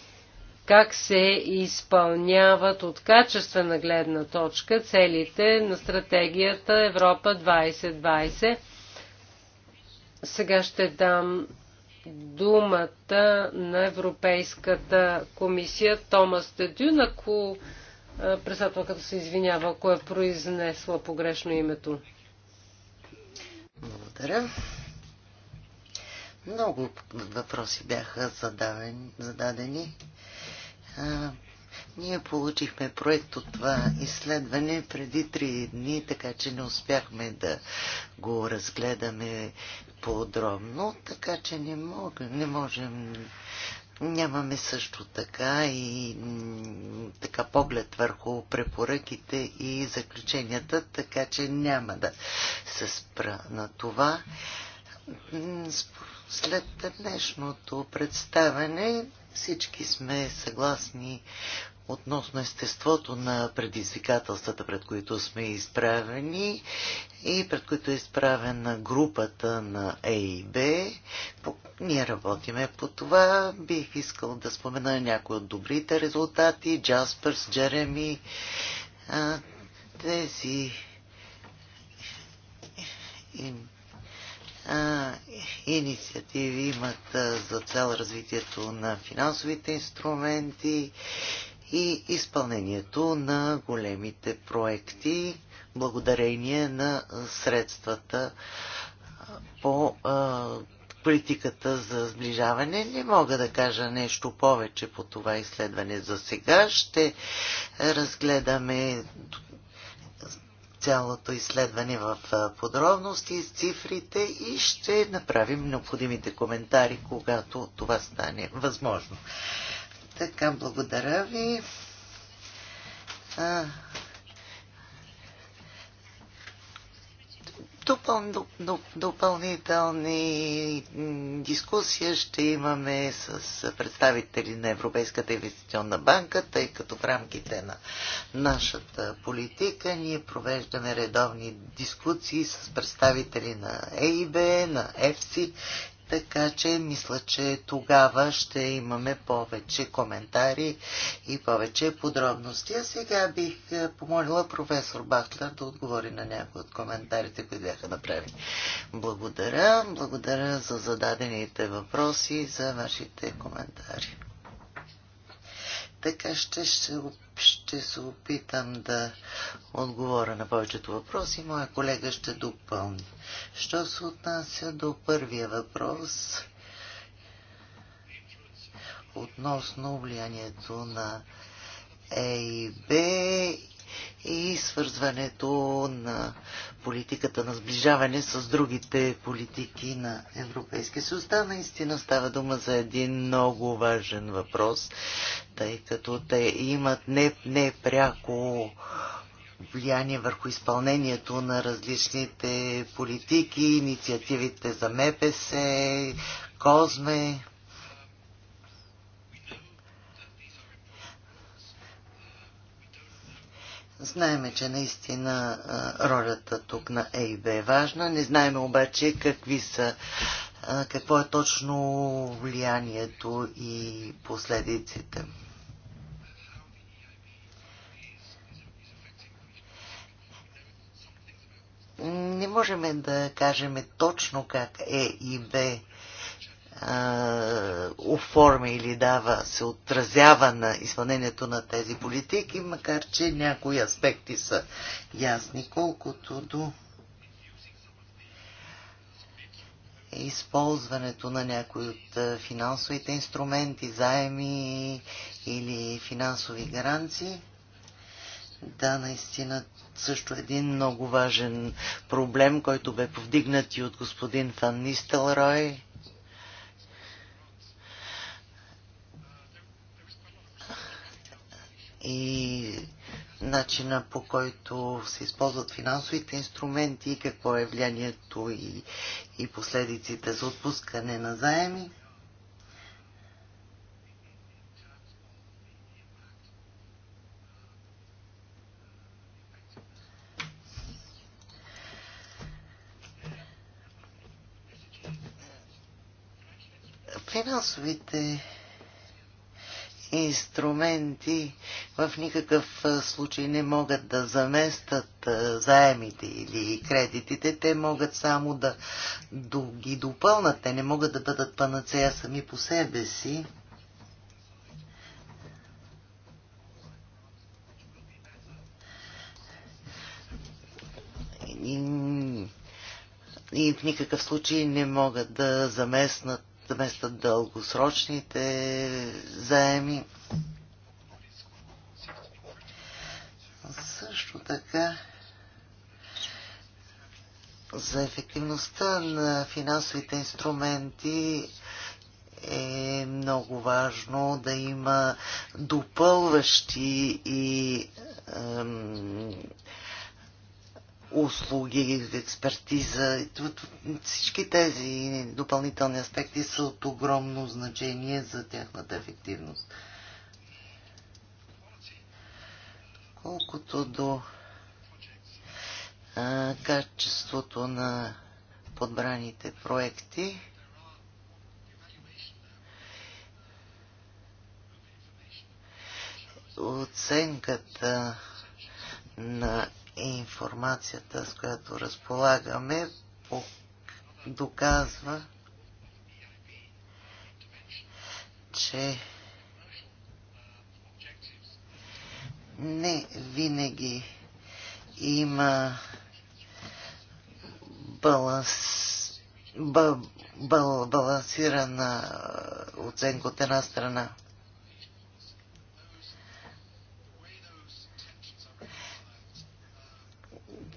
как се изпълняват от качествена гледна точка целите на стратегията Европа 2020. Сега ще дам думата на Европейската комисия Томас Тедюн, ако Председателката се извинява, ако е произнесла погрешно името. Благодаря. Много въпроси бяха зададени. зададени. А, ние получихме проект от това изследване преди три дни, така че не успяхме да го разгледаме подробно, така че не, не можем Нямаме също така и така поглед върху препоръките и заключенията, така че няма да се спра на това. След днешното представяне всички сме съгласни относно естеството на предизвикателствата, пред които сме изправени и пред които е изправена групата на и B, Ние работиме по това. Бих искал да спомена някои от добрите резултати. Джасперс, Джереми, тези инициативи имат за цел развитието на финансовите инструменти и изпълнението на големите проекти, благодарение на средствата по политиката за сближаване. Не мога да кажа нещо повече по това изследване за сега. Ще разгледаме цялото изследване в подробности, с цифрите и ще направим необходимите коментари, когато това стане възможно. Така, благодаря ви. А, допъл, допълнителни дискусия ще имаме с представители на Европейската инвестиционна банка, тъй като в рамките на нашата политика ние провеждаме редовни дискусии с представители на ЕИБ, на ЕФСИ така че мисля, че тогава ще имаме повече коментари и повече подробности. А сега бих е, помолила професор Бахтлер да отговори на някои от коментарите, които бяха направени. Благодаря. Благодаря за зададените въпроси и за вашите коментари. Така ще, ще, ще се опитам да отговоря на повечето въпроси. Моя колега ще допълни. Що се отнася до първия въпрос относно влиянието на ЕИБ и свързването на политиката на сближаване с другите политики на Европейския съюз. Да, наистина става дума за един много важен въпрос, тъй като те имат не, не пряко влияние върху изпълнението на различните политики, инициативите за МПС, Козме, Знаеме, че наистина ролята тук на ЕИБ е важна. Не знаеме обаче какви са, какво е точно влиянието и последиците. Не можем да кажем точно как Е и Б оформя или дава, се отразява на изпълнението на тези политики, макар че някои аспекти са ясни, колкото до използването на някои от финансовите инструменти, заеми или финансови гаранции. Да, наистина също един много важен проблем, който бе повдигнат и от господин Фан Нистелрой и начина по който се използват финансовите инструменти, какво е влиянието и, и последиците за отпускане на заеми. Финансовите инструменти в никакъв случай не могат да заместят заемите или кредитите. Те могат само да ги допълнат. Те не могат да бъдат панацея сами по себе си. И, и в никакъв случай не могат да заместнат заместват дългосрочните заеми. Също така за ефективността на финансовите инструменти е много важно да има допълващи и ем, услуги, експертиза. Всички тези допълнителни аспекти са от огромно значение за тяхната ефективност. Колкото до а, качеството на подбраните проекти, оценката на информацията, с която разполагаме, доказва, че не винаги има баланс, бал, балансирана оценка от една страна.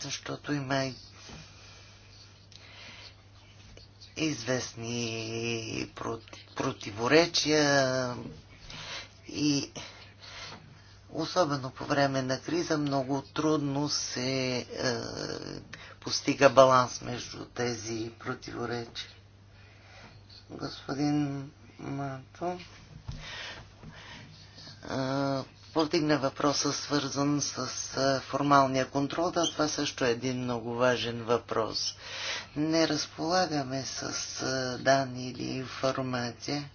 защото има и известни противоречия и особено по време на криза много трудно се е, постига баланс между тези противоречия. Господин Мато, е, повдигна въпроса, свързан с формалния контрол. Да, това също е един много важен въпрос. Не разполагаме с данни или информация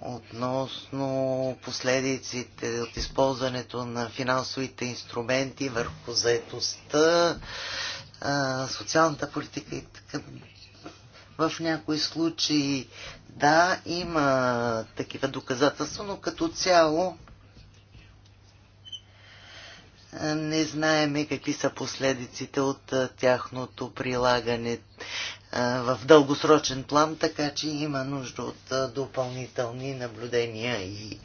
относно последиците от използването на финансовите инструменти върху заетостта, социалната политика и така. В някои случаи да, има такива доказателства, но като цяло не знаеме какви са последиците от тяхното прилагане в дългосрочен план, така че има нужда от допълнителни наблюдения и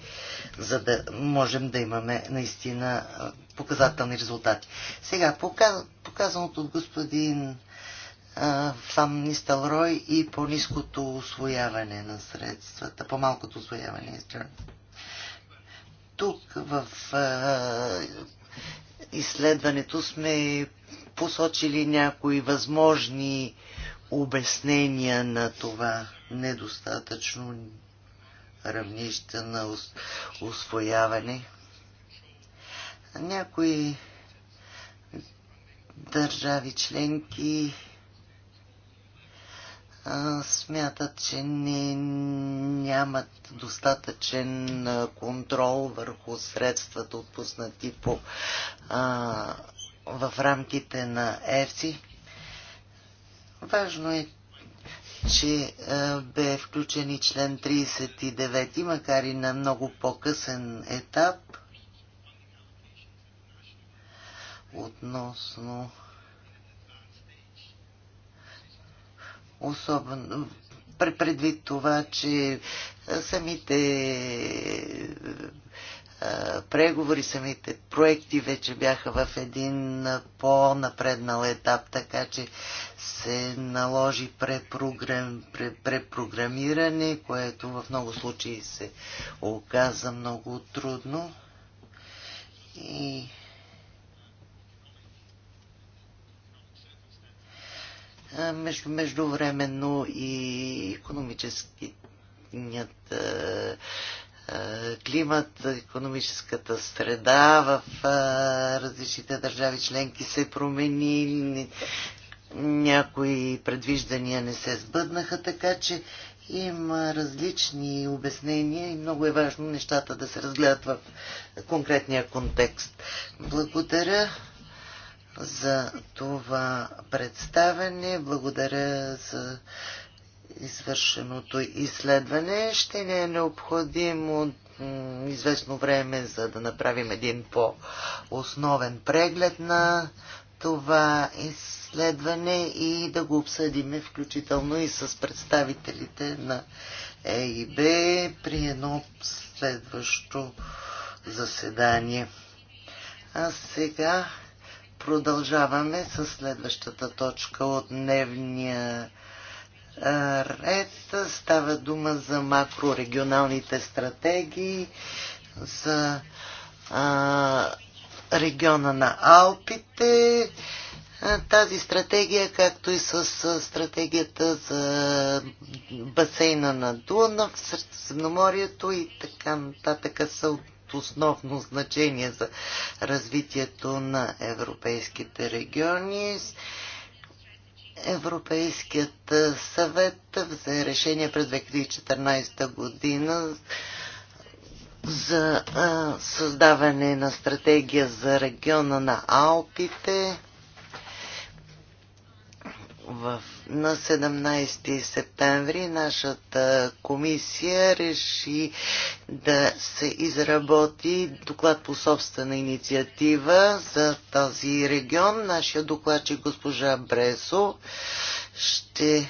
за да можем да имаме наистина показателни резултати. Сега, показаното от господин Фам Нисталрой и по-низкото освояване на средствата, по-малкото освояване. Тук в изследването сме посочили някои възможни обяснения на това недостатъчно равнище на освояване. Някои държави членки смятат, че не, нямат достатъчен контрол върху средствата отпуснати по, а, в рамките на ЕФСИ. Важно е, че а, бе включен и член 39, макар и на много по-късен етап относно особено предвид това, че самите преговори, самите проекти вече бяха в един по-напреднал етап, така че се наложи препрограм, препрограмиране, което в много случаи се оказа много трудно. И между, междувременно и економическият климат, економическата среда в различните държави членки се промени, някои предвиждания не се сбъднаха, така че има различни обяснения и много е важно нещата да се разгледат в конкретния контекст. Благодаря за това представене. Благодаря за извършеното изследване. Ще ни е необходимо известно време, за да направим един по-основен преглед на това изследване и да го обсъдиме включително и с представителите на ЕИБ при едно следващо заседание. А сега Продължаваме с следващата точка от дневния ред. Става дума за макрорегионалните стратегии, за а, региона на Алпите. Тази стратегия, както и с стратегията за басейна на Дунав, Средиземноморието и така нататък са от основно значение за развитието на европейските региони. Европейският съвет взе решение през 2014 година за създаване на стратегия за региона на Алпите в на 17 септември нашата комисия реши да се изработи доклад по собствена инициатива за този регион. Нашия докладчик госпожа Бресо ще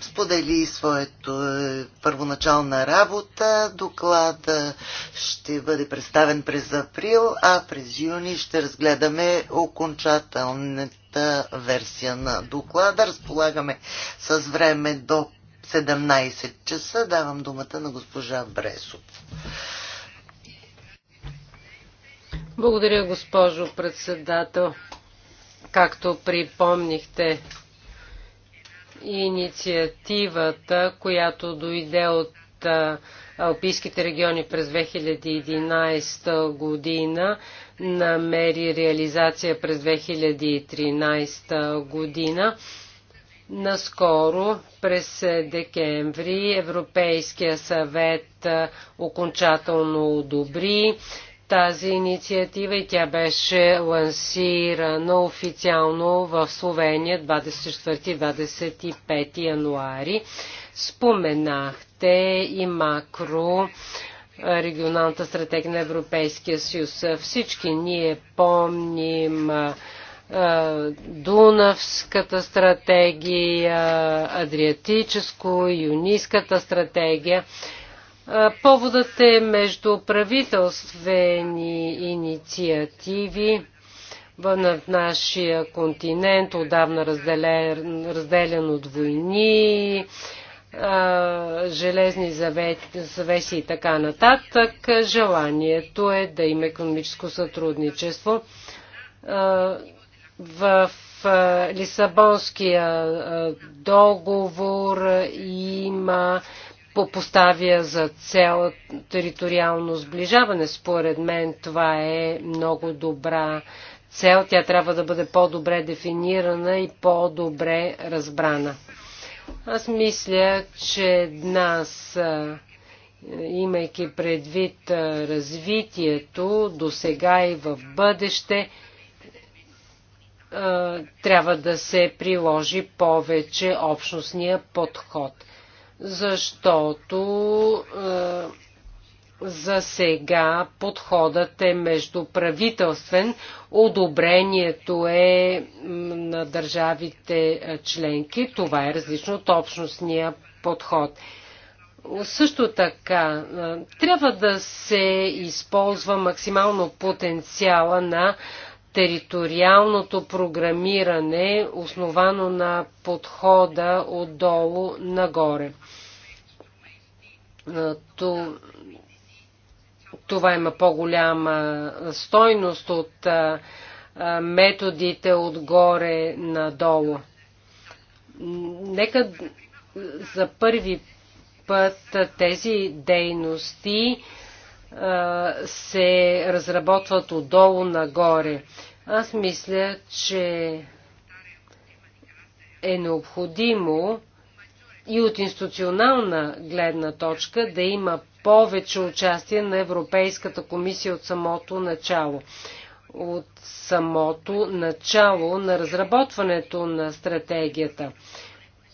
сподели своето е, първоначална работа. Доклада ще бъде представен през април, а през юни ще разгледаме окончателните общата версия на доклада. Разполагаме с време до 17 часа. Давам думата на госпожа Бресов. Благодаря, госпожо председател. Както припомнихте, инициативата, която дойде от Алпийските региони през 2011 година намери реализация през 2013 година. Наскоро, през декември, Европейския съвет окончателно одобри тази инициатива и тя беше лансирана официално в Словения 24-25 януари. Споменахте и макро регионалната стратегия на Европейския съюз. Всички ние помним Дунавската стратегия, Адриатическо-Юнийската стратегия. Поводът е между правителствени инициативи в нашия континент, отдавна разделен, разделен от войни, железни завеси и така нататък. Желанието е да има економическо сътрудничество. в Лисабонския договор има поставя за цел териториално сближаване. Според мен това е много добра цел. Тя трябва да бъде по-добре дефинирана и по-добре разбрана. Аз мисля, че днес, имайки предвид развитието до сега и в бъдеще, трябва да се приложи повече общностния подход, защото за сега подходът е междуправителствен. Одобрението е на държавите членки. Това е различно от общностния подход. Също така, трябва да се използва максимално потенциала на териториалното програмиране, основано на подхода отдолу нагоре това има по-голяма стойност от методите отгоре надолу. Нека за първи път тези дейности се разработват отдолу нагоре. Аз мисля, че е необходимо и от институционална гледна точка да има повече участие на Европейската комисия от самото начало. От самото начало на разработването на стратегията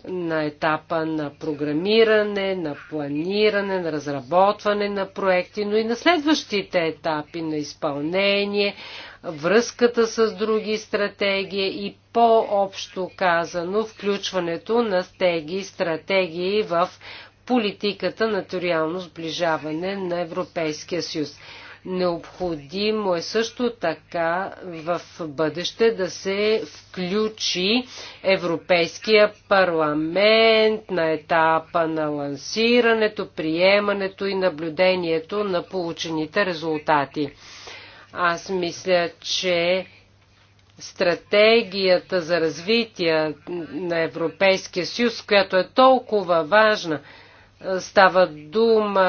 на етапа на програмиране, на планиране, на разработване на проекти, но и на следващите етапи на изпълнение, връзката с други стратегии и по-общо казано включването на стеги стратегии в политиката на териално сближаване на Европейския съюз. Необходимо е също така в бъдеще да се включи Европейския парламент на етапа на лансирането, приемането и наблюдението на получените резултати. Аз мисля, че стратегията за развитие на Европейския съюз, която е толкова важна, Става дума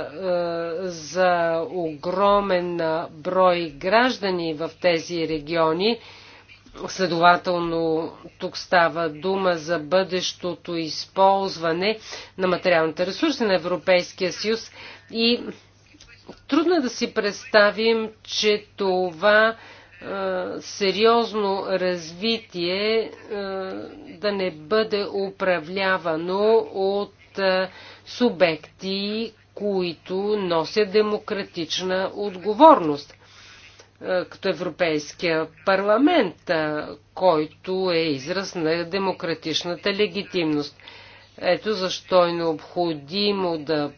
е, за огромен брой граждани в тези региони. Следователно, тук става дума за бъдещото използване на материалните ресурси на Европейския съюз и трудно е да си представим, че това е, сериозно развитие е, да не бъде управлявано от е, субекти, които носят демократична отговорност е, като Европейския парламент, е, който е израз на демократичната легитимност. Ето защо е необходимо да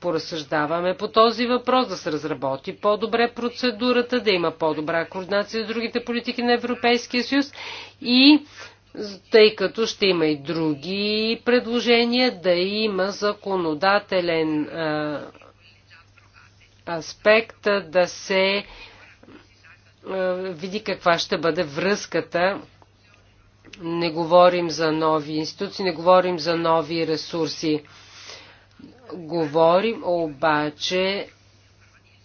поразсъждаваме по този въпрос, да се разработи по-добре процедурата, да има по-добра координация с другите политики на Европейския съюз и тъй като ще има и други предложения, да има законодателен аспект, да се види каква ще бъде връзката. Не говорим за нови институции, не говорим за нови ресурси. Говорим обаче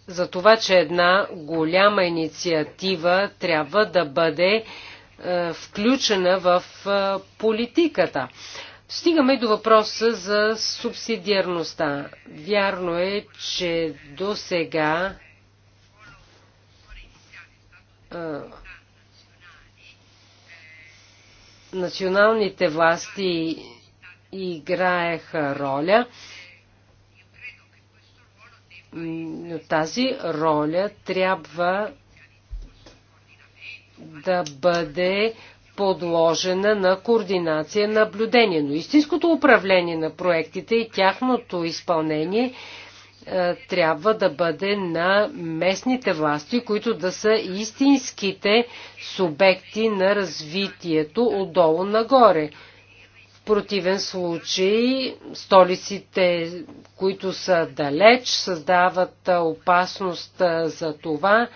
за това, че една голяма инициатива трябва да бъде е, включена в е, политиката. Стигаме до въпроса за субсидиарността. Вярно е, че до сега е, националните власти играеха роля, но тази роля трябва да бъде подложена на координация наблюдение. Но истинското управление на проектите и тяхното изпълнение е, трябва да бъде на местните власти, които да са истинските субекти на развитието отдолу нагоре. В противен случай столиците, които са далеч, създават опасност е, за това,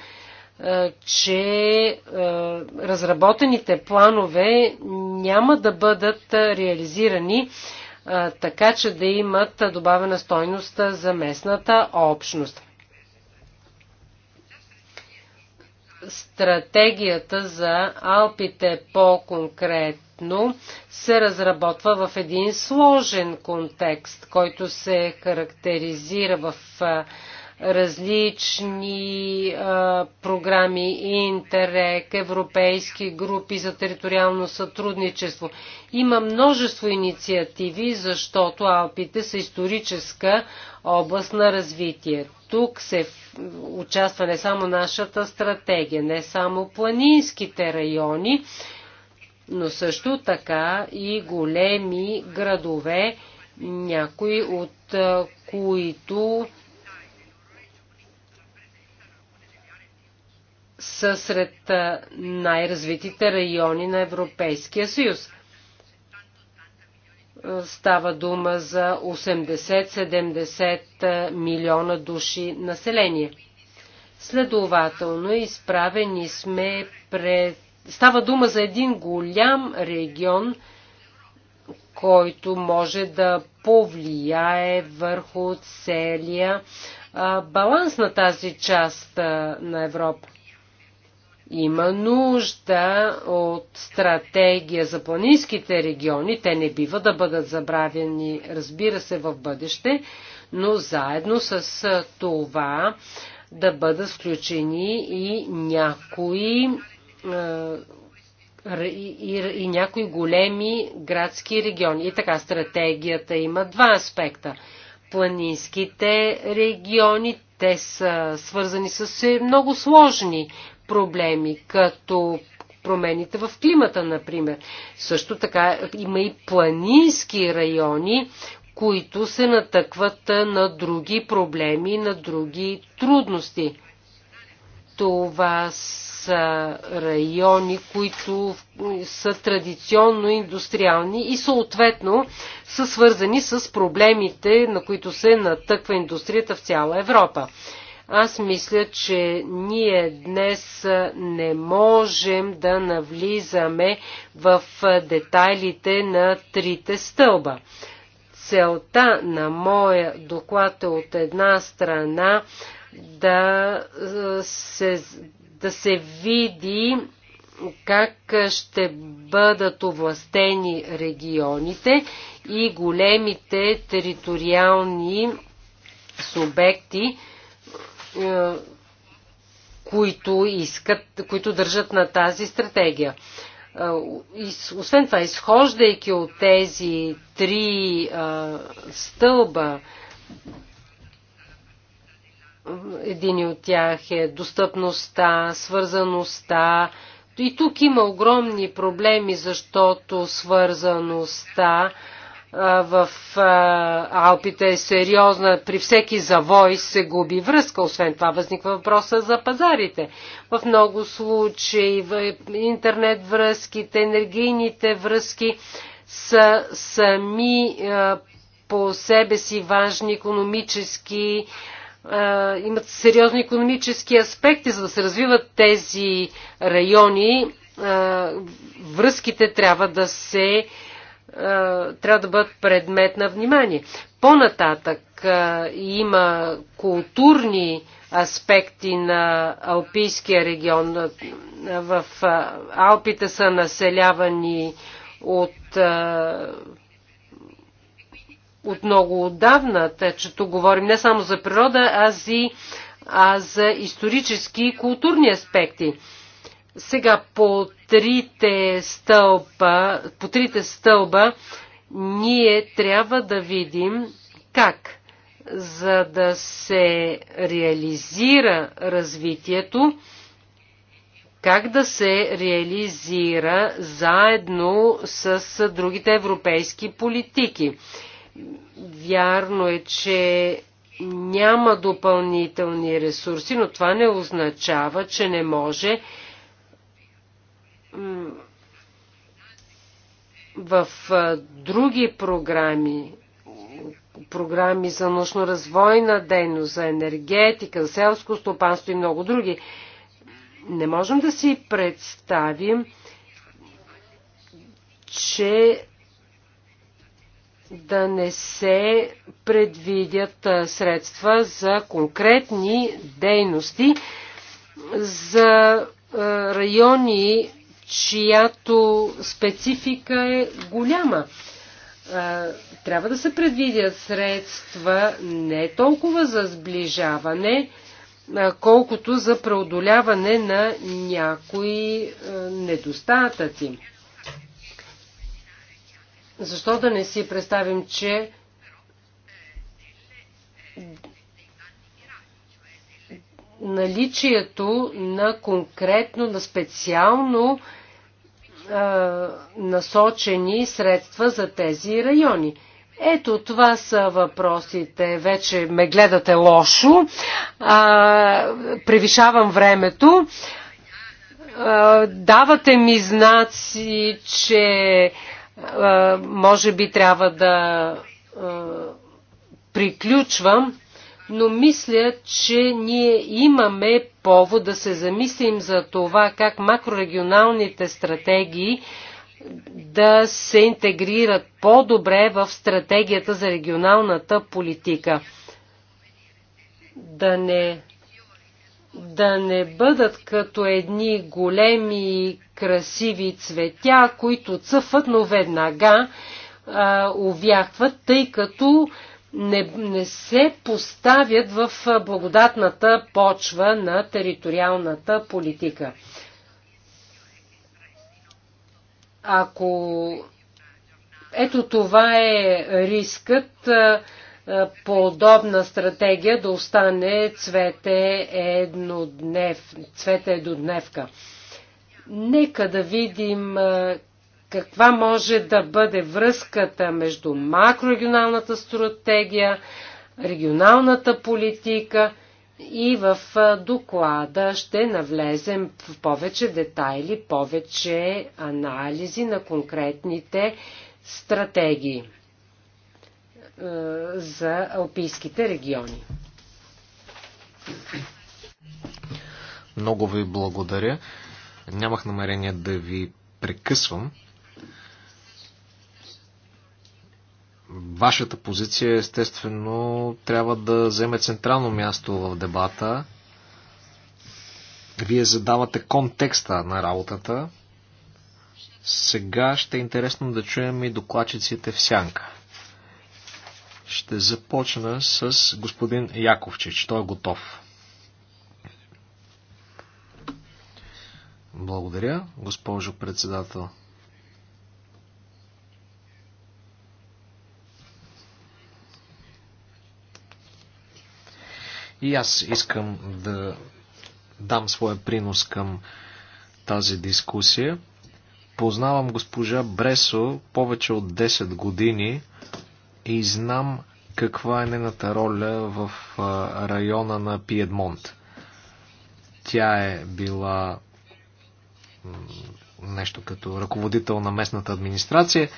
е, че е, разработените планове няма да бъдат реализирани е, така, че да имат добавена стойност за местната общност. Стратегията за Алпите по-конкретно се разработва в един сложен контекст, който се характеризира в различни а, програми, Интерек, европейски групи за териториално сътрудничество. Има множество инициативи, защото Алпите са историческа област на развитие. Тук се участва не само нашата стратегия, не само планинските райони, но също така и големи градове, някои от които са сред най-развитите райони на Европейския съюз. Става дума за 80-70 милиона души население. Следователно, изправени сме пред... Става дума за един голям регион, който може да повлияе върху целия баланс на тази част на Европа има нужда от стратегия за планинските региони. Те не бива да бъдат забравени, разбира се, в бъдеще, но заедно с това да бъдат включени и някои и, и, и някои големи градски региони. И така, стратегията има два аспекта. Планинските региони, те са свързани с е, много сложни проблеми, като промените в климата, например. Също така има и планински райони, които се натъкват на други проблеми, на други трудности. Това са райони, които са традиционно индустриални и съответно са свързани с проблемите, на които се натъква индустрията в цяла Европа. Аз мисля, че ние днес не можем да навлизаме в детайлите на трите стълба. Целта на моя доклад е от една страна да се, да се види как ще бъдат овластени регионите и големите териториални субекти, е, които искат, които държат на тази стратегия. Е, освен това, изхождайки от тези три е, стълба, един от тях е достъпността, свързаността. И тук има огромни проблеми, защото свързаността в Алпите е сериозна. При всеки завой се губи връзка. Освен това възниква въпроса за пазарите. В много случаи в интернет връзките, енергийните връзки са сами по себе си важни економически имат сериозни економически аспекти, за да се развиват тези райони, връзките трябва да се е, трябва да бъдат предмет на внимание. По-нататък е, има културни аспекти на Алпийския регион. Е, в Алпите са населявани от, от много отдавна, тъй че тук говорим не само за природа, а, а за исторически и културни аспекти. Сега по трите стълба, по трите стълба ние трябва да видим как за да се реализира развитието, как да се реализира заедно с другите европейски политики. Вярно е, че няма допълнителни ресурси, но това не означава, че не може в други програми, програми за научно-развойна дейност, за енергетика, за селско стопанство и много други. Не можем да си представим, че да не се предвидят средства за конкретни дейности за райони чиято специфика е голяма. Трябва да се предвидят средства не толкова за сближаване, колкото за преодоляване на някои недостатъци. Защо да не си представим, че наличието на конкретно, на специално насочени средства за тези райони? Ето, това са въпросите. Вече ме гледате лошо. А, превишавам времето. А, давате ми знаци, че а, може би трябва да а, приключвам но мисля, че ние имаме повод да се замислим за това как макрорегионалните стратегии да се интегрират по-добре в стратегията за регионалната политика. Да не, да не бъдат като едни големи красиви цветя, които цъфат, но веднага а, увяхват, тъй като а, не, не се поставят в благодатната почва на териториалната политика. Ако ето това е рискът подобна стратегия да остане цвете цвете еднодневка. Нека да видим каква може да бъде връзката между макрорегионалната стратегия, регионалната политика и в доклада ще навлезем в повече детайли, повече анализи на конкретните стратегии за алпийските региони. Много ви благодаря. Нямах намерение да ви прекъсвам. вашата позиция естествено трябва да вземе централно място в дебата. Вие задавате контекста на работата. Сега ще е интересно да чуем и докладчиците в сянка. Ще започна с господин Яковчич. Той е готов. Благодаря, госпожо председател. И аз искам да дам своя принос към тази дискусия. Познавам госпожа Бресо повече от 10 години и знам каква е нената роля в района на Пиедмонт. Тя е била нещо като ръководител на местната администрация.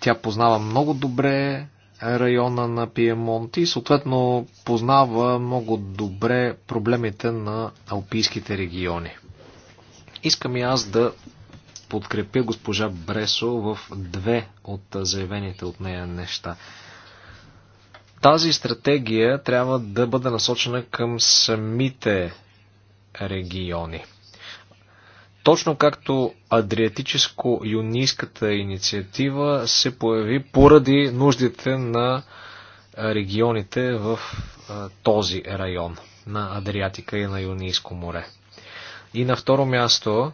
Тя познава много добре района на Пиемонт и съответно познава много добре проблемите на алпийските региони. Искам и аз да подкрепя госпожа Бресо в две от заявените от нея неща. Тази стратегия трябва да бъде насочена към самите региони. Точно както Адриатическо-юнийската инициатива се появи поради нуждите на регионите в този район на Адриатика и на Юнийско море. И на второ място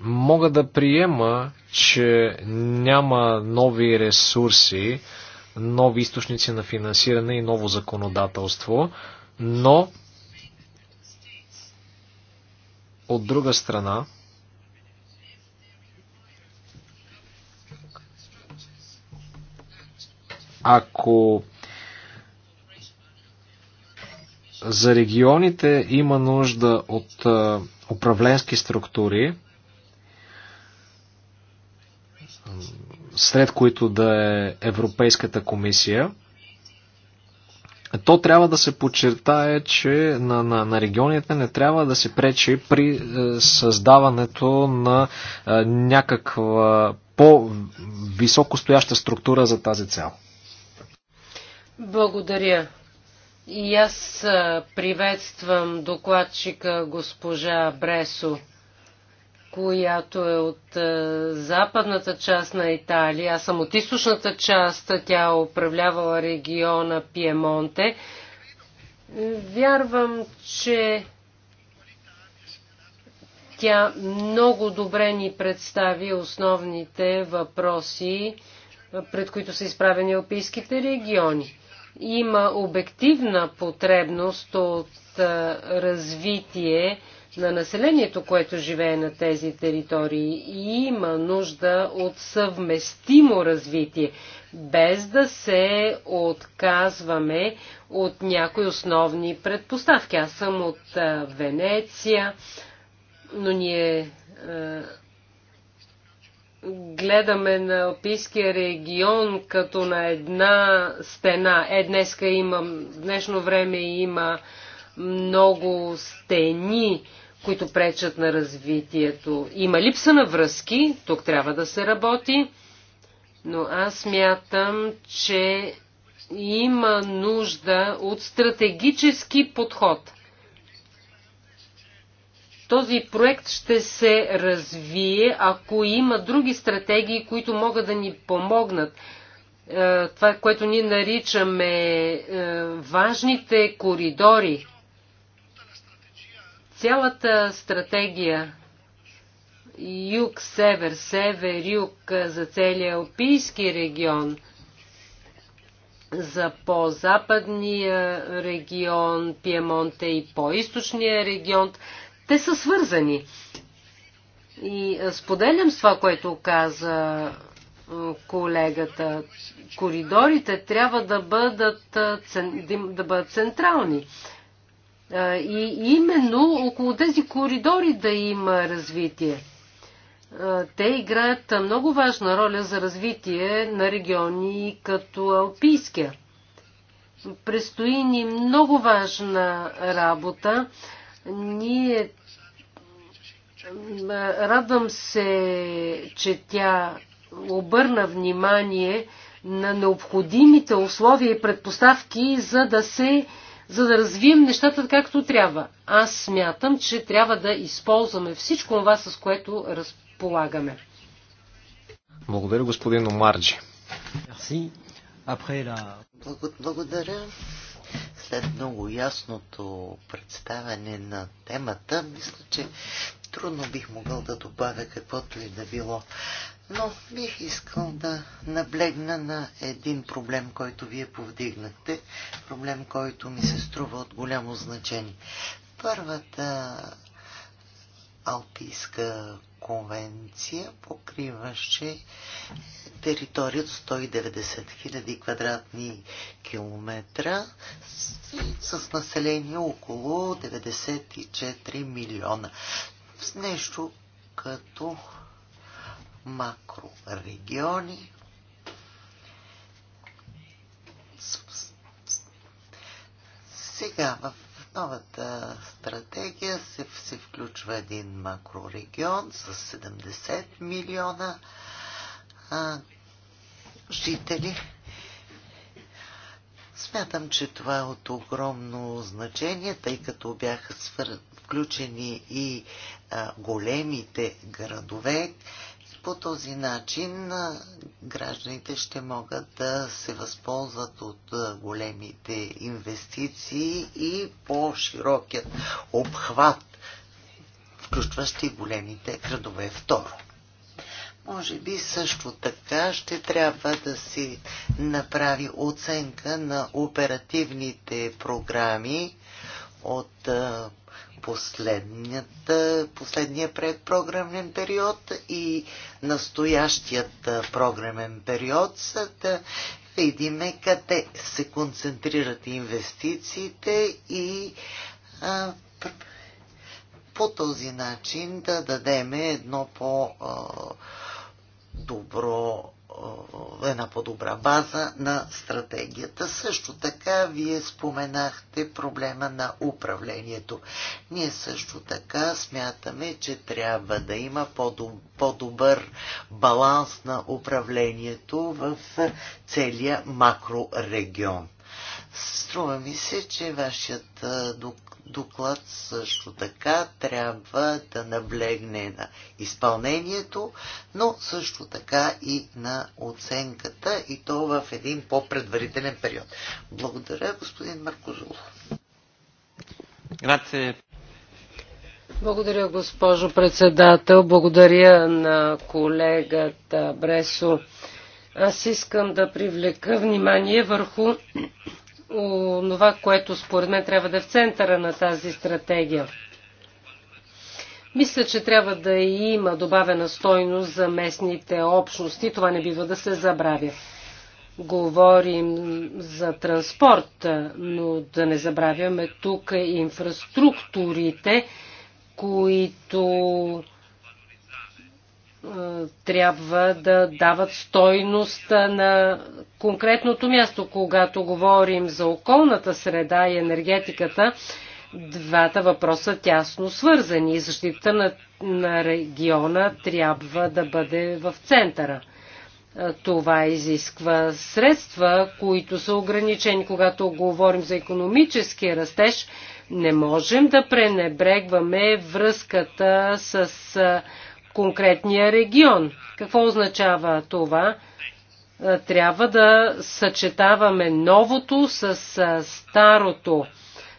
мога да приема, че няма нови ресурси, нови източници на финансиране и ново законодателство, но от друга страна, ако за регионите има нужда от управленски структури, сред които да е Европейската комисия, то трябва да се подчертае, че на, на, на регионите не трябва да се пречи при е, създаването на е, някаква по-високостояща структура за тази цел. Благодаря. И аз е, приветствам докладчика госпожа Бресо която е от е, западната част на Италия. Аз съм от източната част. Тя е управлявала региона Пиемонте. Вярвам, че тя много добре ни представи основните въпроси, пред които са изправени алпийските региони. Има обективна потребност от е, развитие на населението, което живее на тези територии и има нужда от съвместимо развитие, без да се отказваме от някои основни предпоставки. Аз съм от Венеция, но ние е, гледаме на Алпийския регион като на една стена. Е, днеска имам, в днешно време има много стени, които пречат на развитието. Има липса на връзки, тук трябва да се работи, но аз мятам, че има нужда от стратегически подход. Този проект ще се развие, ако има други стратегии, които могат да ни помогнат. Е, това, което ние наричаме е, важните коридори, цялата стратегия юг-север, север-юг за целия Алпийски регион, за по-западния регион, Пиемонте и по-источния регион, те са свързани. И споделям с това, което каза колегата. Коридорите трябва да бъдат, да бъдат централни. И именно около тези коридори да има развитие. Те играят много важна роля за развитие на региони като Алпийския. Престои ни много важна работа. Ние радвам се, че тя обърна внимание на необходимите условия и предпоставки, за да се за да развием нещата както трябва. Аз смятам, че трябва да използваме всичко това, с което разполагаме. Благодаря, господин Омарджи. Благодаря. След много ясното представяне на темата, мисля, че трудно бих могъл да добавя каквото и да било. Но бих искал да наблегна на един проблем, който вие повдигнахте. Проблем, който ми се струва от голямо значение. Първата Алпийска конвенция покриваше територия от 190 000 квадратни километра с население около 94 милиона. С нещо като макрорегиони. Сега в новата стратегия се, се включва един макрорегион с 70 милиона а, жители. Смятам, че това е от огромно значение, тъй като бяха свър... включени и а, големите градове, по този начин гражданите ще могат да се възползват от големите инвестиции и по-широкият обхват, включващи големите градове. Второ, може би също така ще трябва да си направи оценка на оперативните програми от последният, последния предпрограмен период и настоящият програмен период, за да видим къде се концентрират инвестициите и а, по този начин да дадем едно по-добро е, една по-добра база на стратегията. Също така вие споменахте проблема на управлението. Ние също така смятаме, че трябва да има по-добър баланс на управлението в е, целия макрорегион. Струва ми се, че вашият доклад също така трябва да наблегне на изпълнението, но също така и на оценката и то в един по-предварителен период. Благодаря, господин Маркозул. Грация. Благодаря, госпожо председател. Благодаря на колегата Бресо. Аз искам да привлека внимание върху това, което според мен трябва да е в центъра на тази стратегия. Мисля, че трябва да има добавена стойност за местните общности. Това не бива да се забравя. Говорим за транспорт, но да не забравяме тук инфраструктурите, които трябва да дават стойност на конкретното място. Когато говорим за околната среда и енергетиката, двата въпроса тясно свързани. Защита на, на региона трябва да бъде в центъра. Това изисква средства, които са ограничени. Когато говорим за економически растеж, не можем да пренебрегваме връзката с конкретния регион. Какво означава това? Е, трябва да съчетаваме новото с е, старото.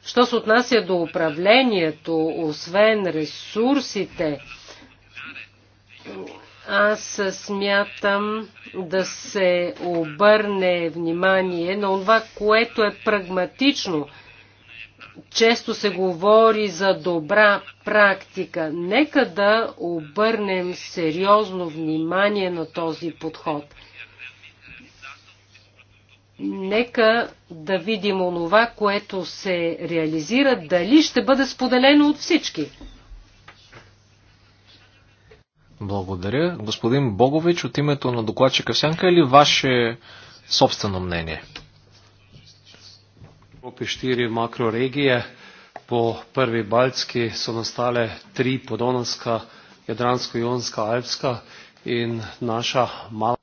Що се отнася до управлението, освен ресурсите, аз смятам да се обърне внимание на това, което е прагматично – често се говори за добра практика. Нека да обърнем сериозно внимание на този подход. Нека да видим онова, което се реализира, дали ще бъде споделено от всички. Благодаря. Господин Богович, от името на докладчика Сянка или е ваше собствено мнение? Evropi štiri makroregije, po prvi baltski so nastale tri podonavska, jadransko-jonska, alpska in naša mala.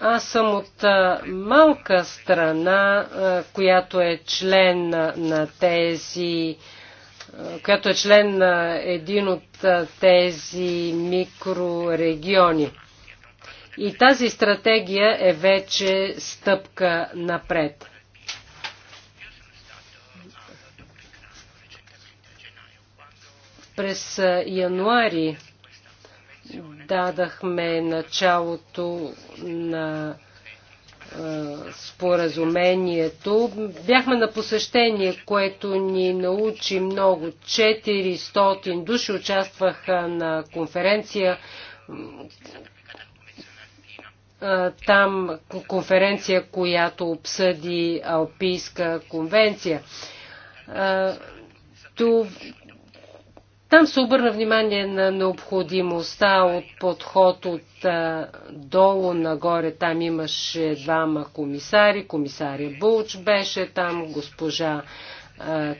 Аз съм от малка страна, която е член на тези, която е член на един от тези микрорегиони. И тази стратегия е вече стъпка напред. През януари дадахме началото на споразумението. Бяхме на посещение, което ни научи много. 400 души участваха на конференция, там конференция, която обсъди Алпийска конвенция. Там се обърна внимание на необходимостта от подход от долу нагоре. Там имаше двама комисари. Комисаря Булч беше там, госпожа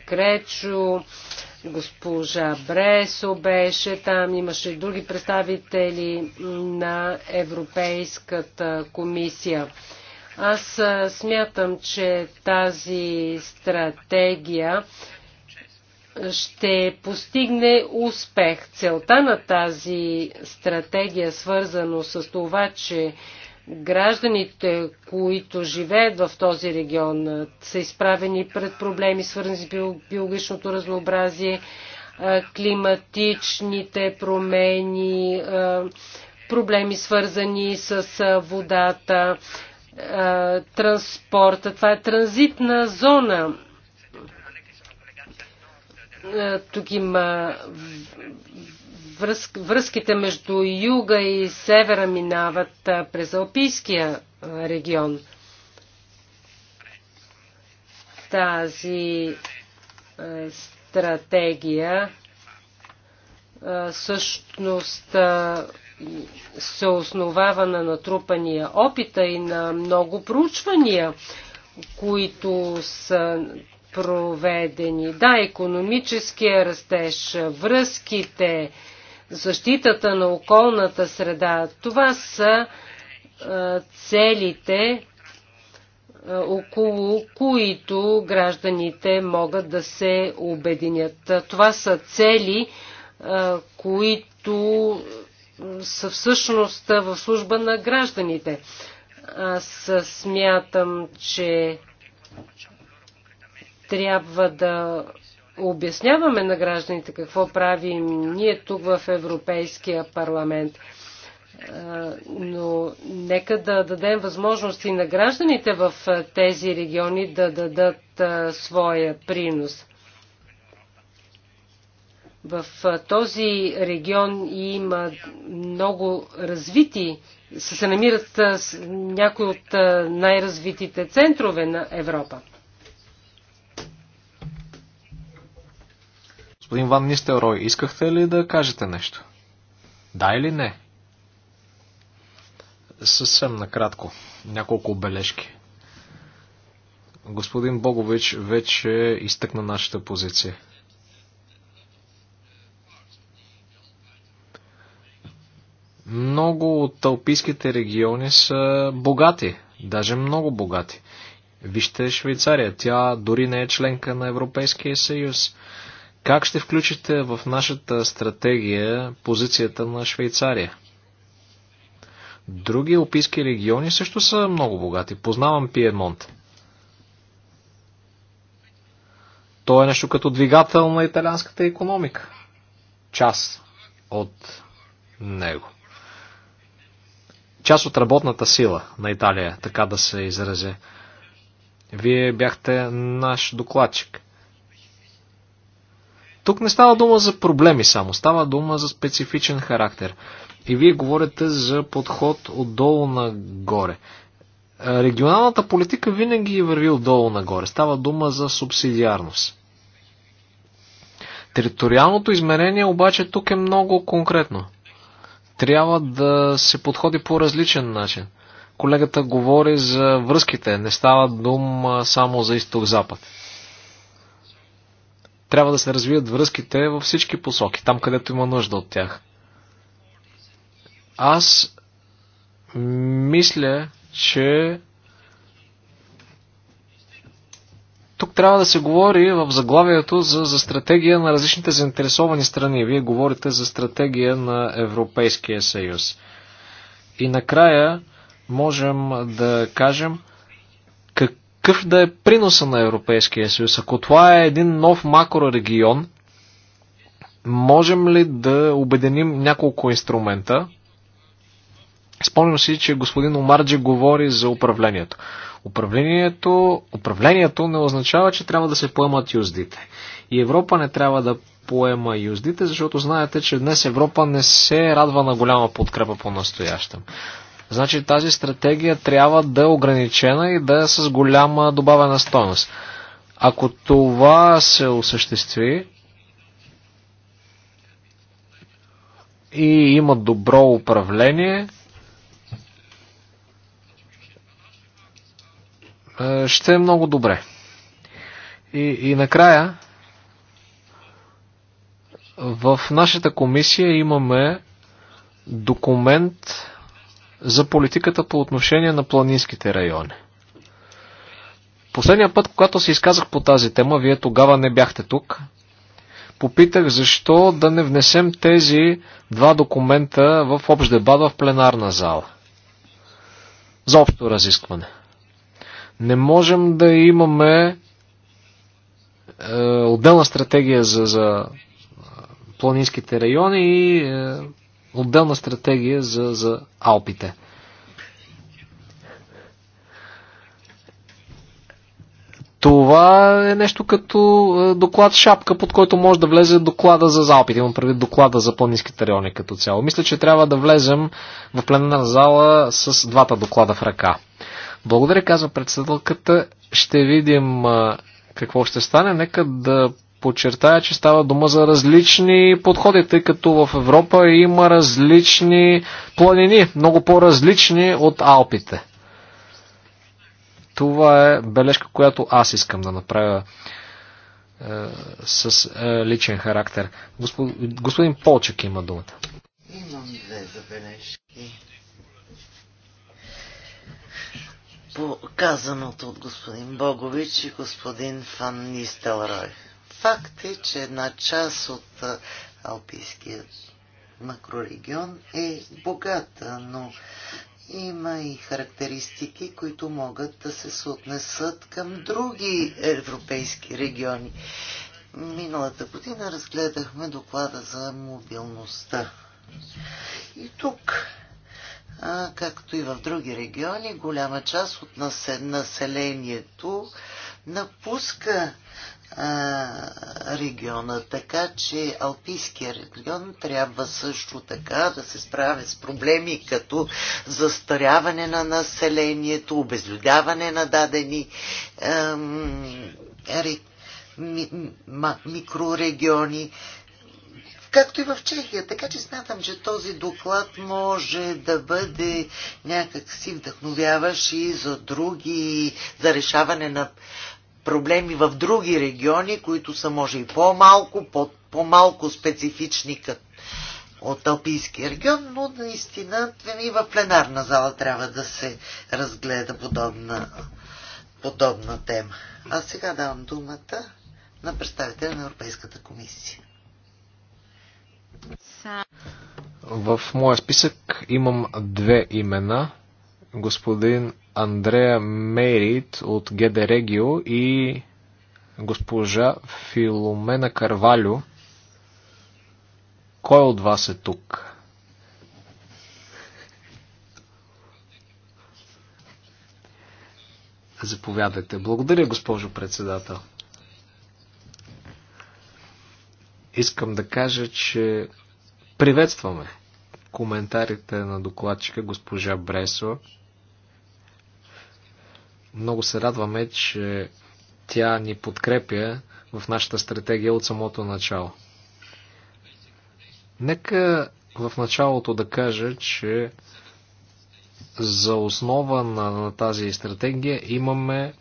Кречо, Госпожа Бресо беше там, имаше други представители на Европейската комисия. Аз смятам, че тази стратегия ще постигне успех. Целта на тази стратегия, свързано с това, че Гражданите, които живеят в този регион, са изправени пред проблеми, свързани с биологичното разнообразие, климатичните промени, проблеми свързани с водата, транспорта. Това е транзитна зона е, тук има връзките между юга и севера минават през Алпийския регион. Тази стратегия всъщност се основава на натрупания опита и на много проучвания, които са проведени. Да, економическия растеж, връзките, защитата на околната среда, това са целите, около които гражданите могат да се обединят. Това са цели, които са всъщност в служба на гражданите. Аз смятам, че трябва да обясняваме на гражданите какво правим ние тук в Европейския парламент. Но нека да дадем възможности на гражданите в тези региони да дадат своя принос. В този регион има много развити, се намират някои от най-развитите центрове на Европа. Господин Ван Нистелрой, искахте ли да кажете нещо? Да или не? Съвсем накратко. Няколко бележки. Господин Богович вече изтъкна нашата позиция. Много от алпийските региони са богати, даже много богати. Вижте Швейцария, тя дори не е членка на Европейския съюз. Как ще включите в нашата стратегия позицията на Швейцария? Други описки региони също са много богати. Познавам Пиемонт. То е нещо като двигател на италианската економика. Част от него. Част от работната сила на Италия, така да се изразя. Вие бяхте наш докладчик. Тук не става дума за проблеми само, става дума за специфичен характер. И вие говорите за подход отдолу нагоре. Е, регионалната политика винаги е върви отдолу нагоре. Става дума за субсидиарност. Териториалното измерение обаче тук е много конкретно. Трябва да се подходи по различен начин. Колегата говори за връзките, не става дума само за изток-запад. Трябва да се развият връзките във всички посоки, там където има нужда от тях. Аз мисля, че тук трябва да се говори в заглавието за, за стратегия на различните заинтересовани страни. Вие говорите за стратегия на Европейския съюз. И накрая можем да кажем, какъв да е приноса на Европейския съюз? Ако това е един нов макрорегион, можем ли да обединим няколко инструмента? Спомням си, че господин Омарджи говори за управлението. Управлението, управлението не означава, че трябва да се поемат юздите. И Европа не трябва да поема юздите, защото знаете, че днес Европа не се радва на голяма подкрепа по-настоящем. Значи тази стратегия трябва да е ограничена и да е с голяма добавена стойност. Ако това се осъществи и има добро управление, е, ще е много добре. И, и накрая, в нашата комисия имаме документ, за политиката по отношение на планинските райони. Последния път, когато се изказах по тази тема, вие тогава не бяхте тук, попитах защо да не внесем тези два документа в общ дебат в пленарна зала. За общо разискване. Не можем да имаме е, отделна стратегия за, за е, планинските райони и е, отделна стратегия за, за Алпите. Това е нещо като е, доклад шапка, под който може да влезе доклада за залпите. Имам предвид доклада за планинските райони като цяло. Мисля, че трябва да влезем в пленна зала с двата доклада в ръка. Благодаря, казва председателката. Ще видим е, какво ще стане. Нека да подчертая, че става дума за различни подходи, тъй като в Европа има различни планини, много по-различни от Алпите. Това е бележка, която аз искам да направя е, с е, личен характер. Господ, господин Полчек има думата. Имам две забележки. По казаното от господин Богович и господин Фан Нистелрой. Факт е, че една част от Алпийския макрорегион е богата, но има и характеристики, които могат да се съотнесат към други европейски региони. Миналата година разгледахме доклада за мобилността. И тук, а, както и в други региони, голяма част от населението напуска региона. Така че Алпийския регион трябва също така да се справя с проблеми като застаряване на населението, обезлюдяване на дадени микрорегиони, както и в Чехия. Така че смятам, че този доклад може да бъде някакси вдъхновяващ и за други, за решаване на проблеми в други региони, които са може и по-малко, по-малко -по специфични като от Алпийския регион, но наистина и нали, в пленарна зала трябва да се разгледа подобна, подобна тема. А сега давам думата на представителя на Европейската комисия. В моя списък имам две имена господин Андреа Мейрит от ГД Регио и госпожа Филомена Карвалю. Кой от вас е тук? Заповядайте. Благодаря, госпожо председател. Искам да кажа, че приветстваме коментарите на докладчика госпожа Бресо много се радваме, че тя ни подкрепя в нашата стратегия от самото начало. Нека в началото да кажа, че за основа на, на тази стратегия имаме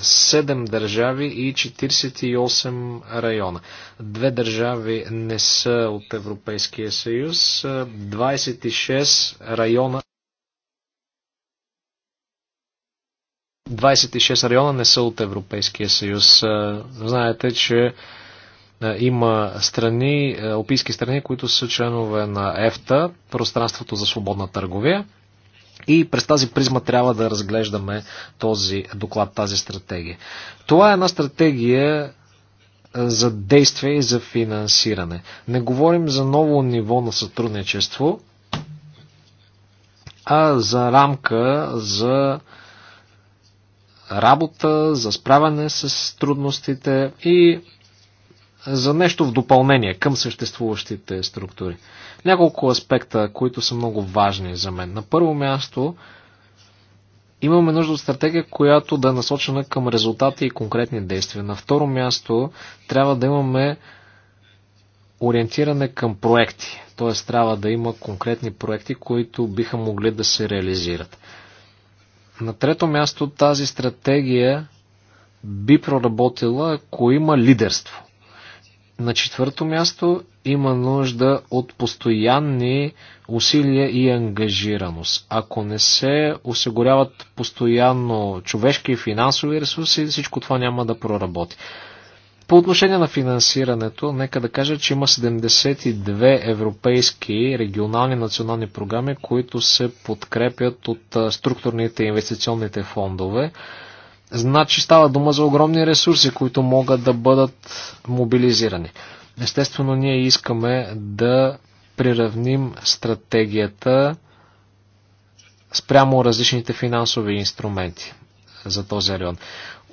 7 държави и 48 района. Две държави не са от Европейския съюз, 26 района 26 района не са от Европейския съюз. Знаете, че има страни, опийски страни, които са членове на ЕФТА, пространството за свободна търговия. И през тази призма трябва да разглеждаме този доклад, тази стратегия. Това е една стратегия за действие и за финансиране. Не говорим за ново ниво на сътрудничество, а за рамка за работа, за справяне с трудностите и за нещо в допълнение към съществуващите структури. Няколко аспекта, които са много важни за мен. На първо място, имаме нужда от стратегия, която да е насочена към резултати и конкретни действия. На второ място, трябва да имаме ориентиране към проекти. Т.е. трябва да има конкретни проекти, които биха могли да се реализират. На трето място тази стратегия би проработила, ако има лидерство. На четвърто място има нужда от постоянни усилия и ангажираност. Ако не се осигуряват постоянно човешки и финансови ресурси, всичко това няма да проработи. По отношение на финансирането, нека да кажа, че има 72 европейски регионални национални програми, които се подкрепят от структурните и инвестиционните фондове. Значи става дума за огромни ресурси, които могат да бъдат мобилизирани. Естествено, ние искаме да приравним стратегията спрямо различните финансови инструменти за този район.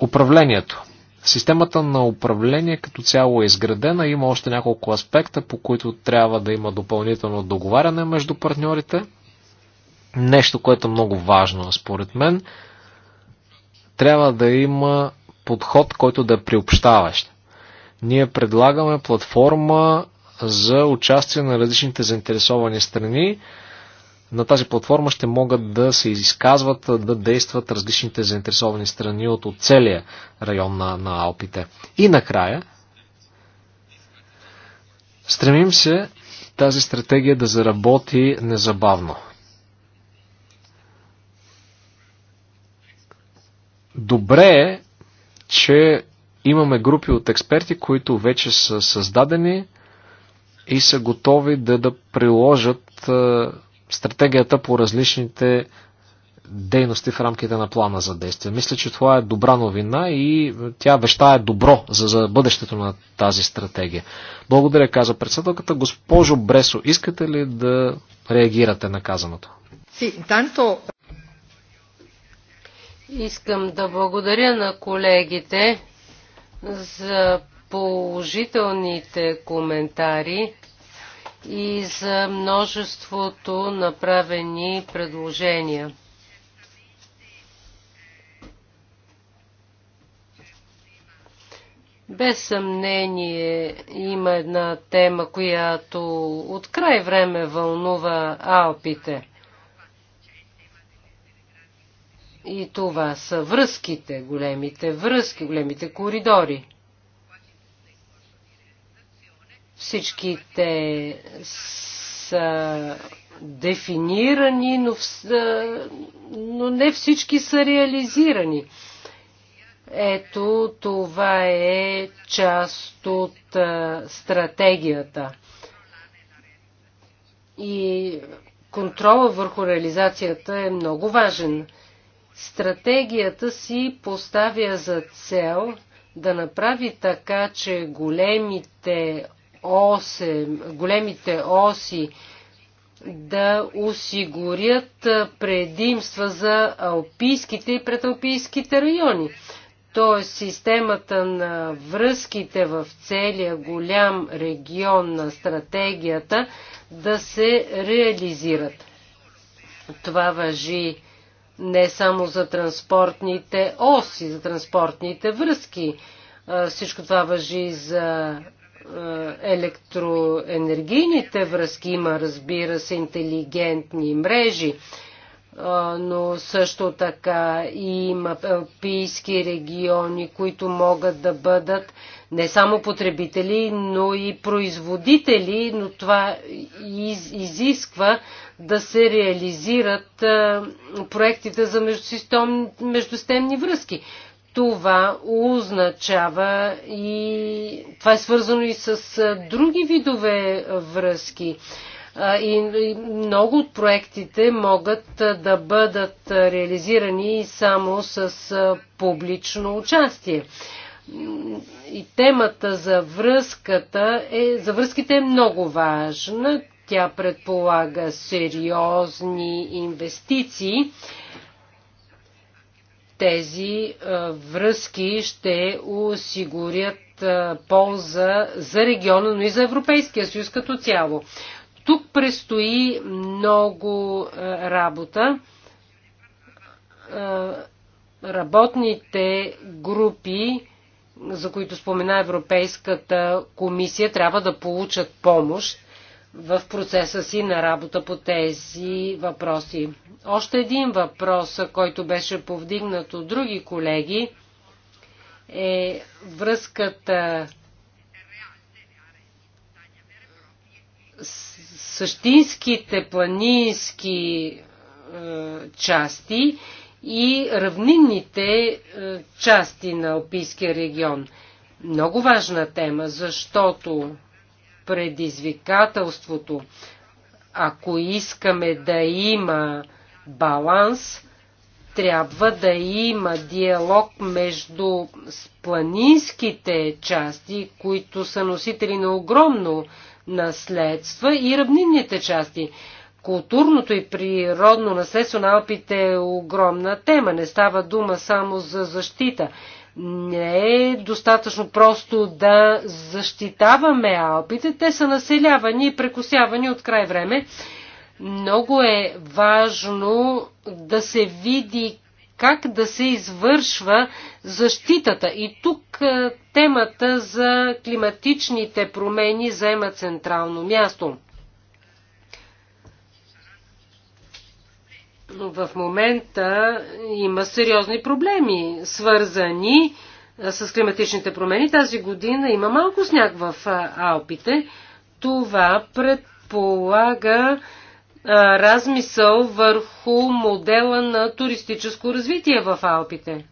Управлението Системата на управление като цяло е изградена, има още няколко аспекта, по които трябва да има допълнително договаряне между партньорите. Нещо, което е много важно според мен, трябва да има подход, който да е приобщаващ. Ние предлагаме платформа за участие на различните заинтересовани страни, на тази платформа ще могат да се изказват, да действат различните заинтересовани страни от, от целия район на, на Алпите. И накрая, стремим се тази стратегия да заработи незабавно. Добре е, че имаме групи от експерти, които вече са създадени и са готови да, да приложат стратегията по различните дейности в рамките на плана за действие. Мисля, че това е добра новина и тя веща е добро за, за бъдещето на тази стратегия. Благодаря, каза председателката. Госпожо Бресо, искате ли да реагирате на казаното? Си, танто... Искам да благодаря на колегите за положителните коментари и за множеството направени предложения. Без съмнение има една тема, която от край време вълнува Алпите. И това са връзките, големите връзки, големите коридори. Всичките са дефинирани, но, но не всички са реализирани. Ето това е част от а, стратегията. И контрола върху реализацията е много важен. Стратегията си поставя за цел да направи така, че големите оси, големите оси да осигурят предимства за алпийските и предалпийските райони. Тоест системата на връзките в целия голям регион на стратегията да се реализират. Това въжи не само за транспортните оси, за транспортните връзки. Всичко това въжи за е, електроенергийните връзки. Има, разбира се, интелигентни мрежи, е, но също така и има пийски региони, които могат да бъдат не само потребители, но и производители, но това из, изисква да се реализират а, е, проектите за междусистемни връзки. Това означава и това е свързано и с други видове връзки. И много от проектите могат да бъдат реализирани само с публично участие. И темата за връзката е, за връзките е много важна. Тя предполага сериозни инвестиции тези е, връзки ще осигурят е, полза за региона, но и за Европейския съюз като цяло. Тук предстои много е, работа. Работните групи, за които спомена Европейската комисия, трябва да получат помощ в процеса си на работа по тези въпроси. Още един въпрос, който беше повдигнат от други колеги, е връзката същинските планински е, части и равнинните е, части на Алпийския регион. Много важна тема, защото предизвикателството. Ако искаме да има баланс, трябва да има диалог между планинските части, които са носители на огромно наследство, и равнинните части. Културното и природно наследство на Алпите е огромна тема. Не става дума само за защита. Не е достатъчно просто да защитаваме Алпите. Те са населявани и прекусявани от край време. Много е важно да се види как да се извършва защитата. И тук е, темата за климатичните промени заема централно място. в момента има сериозни проблеми, свързани с климатичните промени. Тази година има малко сняг в Алпите. Това предполага а, размисъл върху модела на туристическо развитие в Алпите.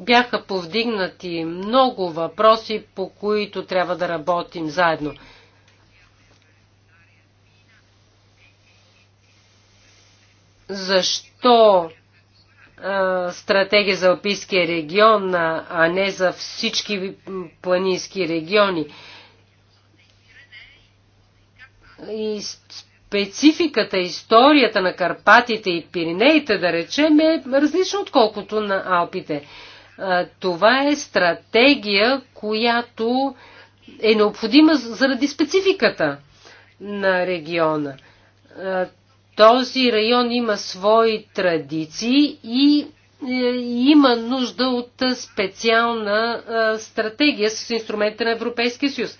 Бяха повдигнати много въпроси, по които трябва да работим заедно. защо стратегия за Алпийския регион, а не за всички планински региони. И спецификата, историята на Карпатите и Пиринеите, да речем, е различна отколкото на Алпите. Това е стратегия, която е необходима заради спецификата на региона този район има свои традиции и е, има нужда от е, специална е, стратегия с инструмента на Европейския съюз.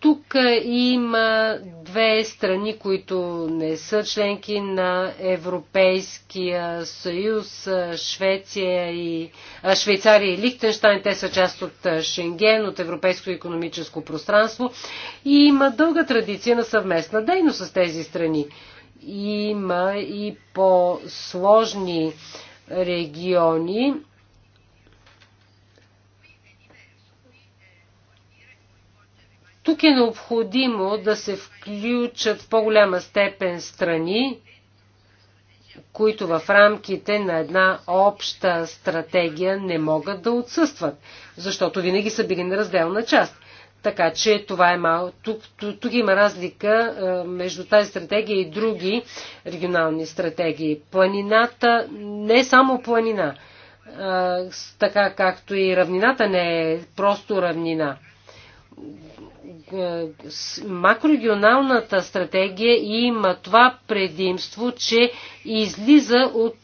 Тук има две страни, които не са членки на Европейския съюз, Швеция и Швейцария и Лихтенштайн. Те са част от Шенген, от Европейското економическо пространство и има дълга традиция на съвместна дейност с тези страни. Има и по-сложни региони. Тук е необходимо да се включат в по-голяма степен страни, които в рамките на една обща стратегия не могат да отсъстват, защото винаги са били на разделна част. Така че това е малко. Тук, тук, тук има разлика а, е, между тази стратегия и други регионални стратегии. Планината не е само планина, а, е, така както и равнината не е просто равнина. Е, макрорегионалната стратегия има това предимство, че излиза от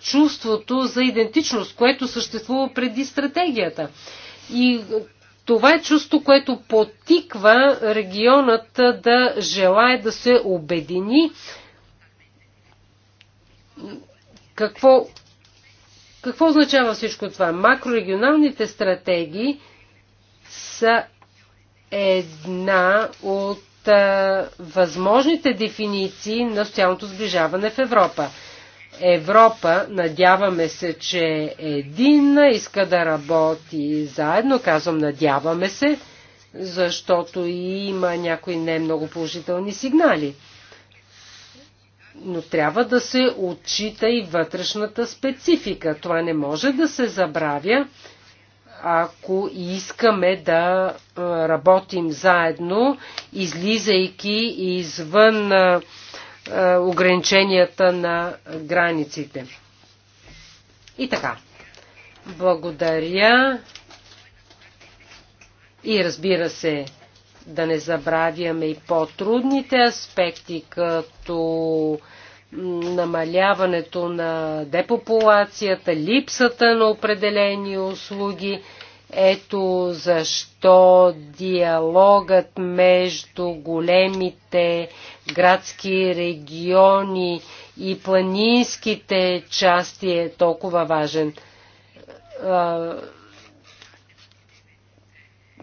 чувството за идентичност, което съществува преди стратегията. И това е чувство, което потиква регионът да желая да се обедини. Какво, какво означава всичко това? Макрорегионалните стратегии са една от възможните дефиниции на социалното сближаване в Европа. Европа, надяваме се, че е единна, иска да работи заедно, казвам надяваме се, защото има някои не много положителни сигнали. Но трябва да се отчита и вътрешната специфика. Това не може да се забравя, ако искаме да работим заедно, излизайки извън е, ограниченията на границите. И така. Благодаря. И разбира се, да не забравяме и по-трудните аспекти, като намаляването на депопулацията, липсата на определени услуги – ето защо диалогът между големите градски региони и планинските части е толкова важен.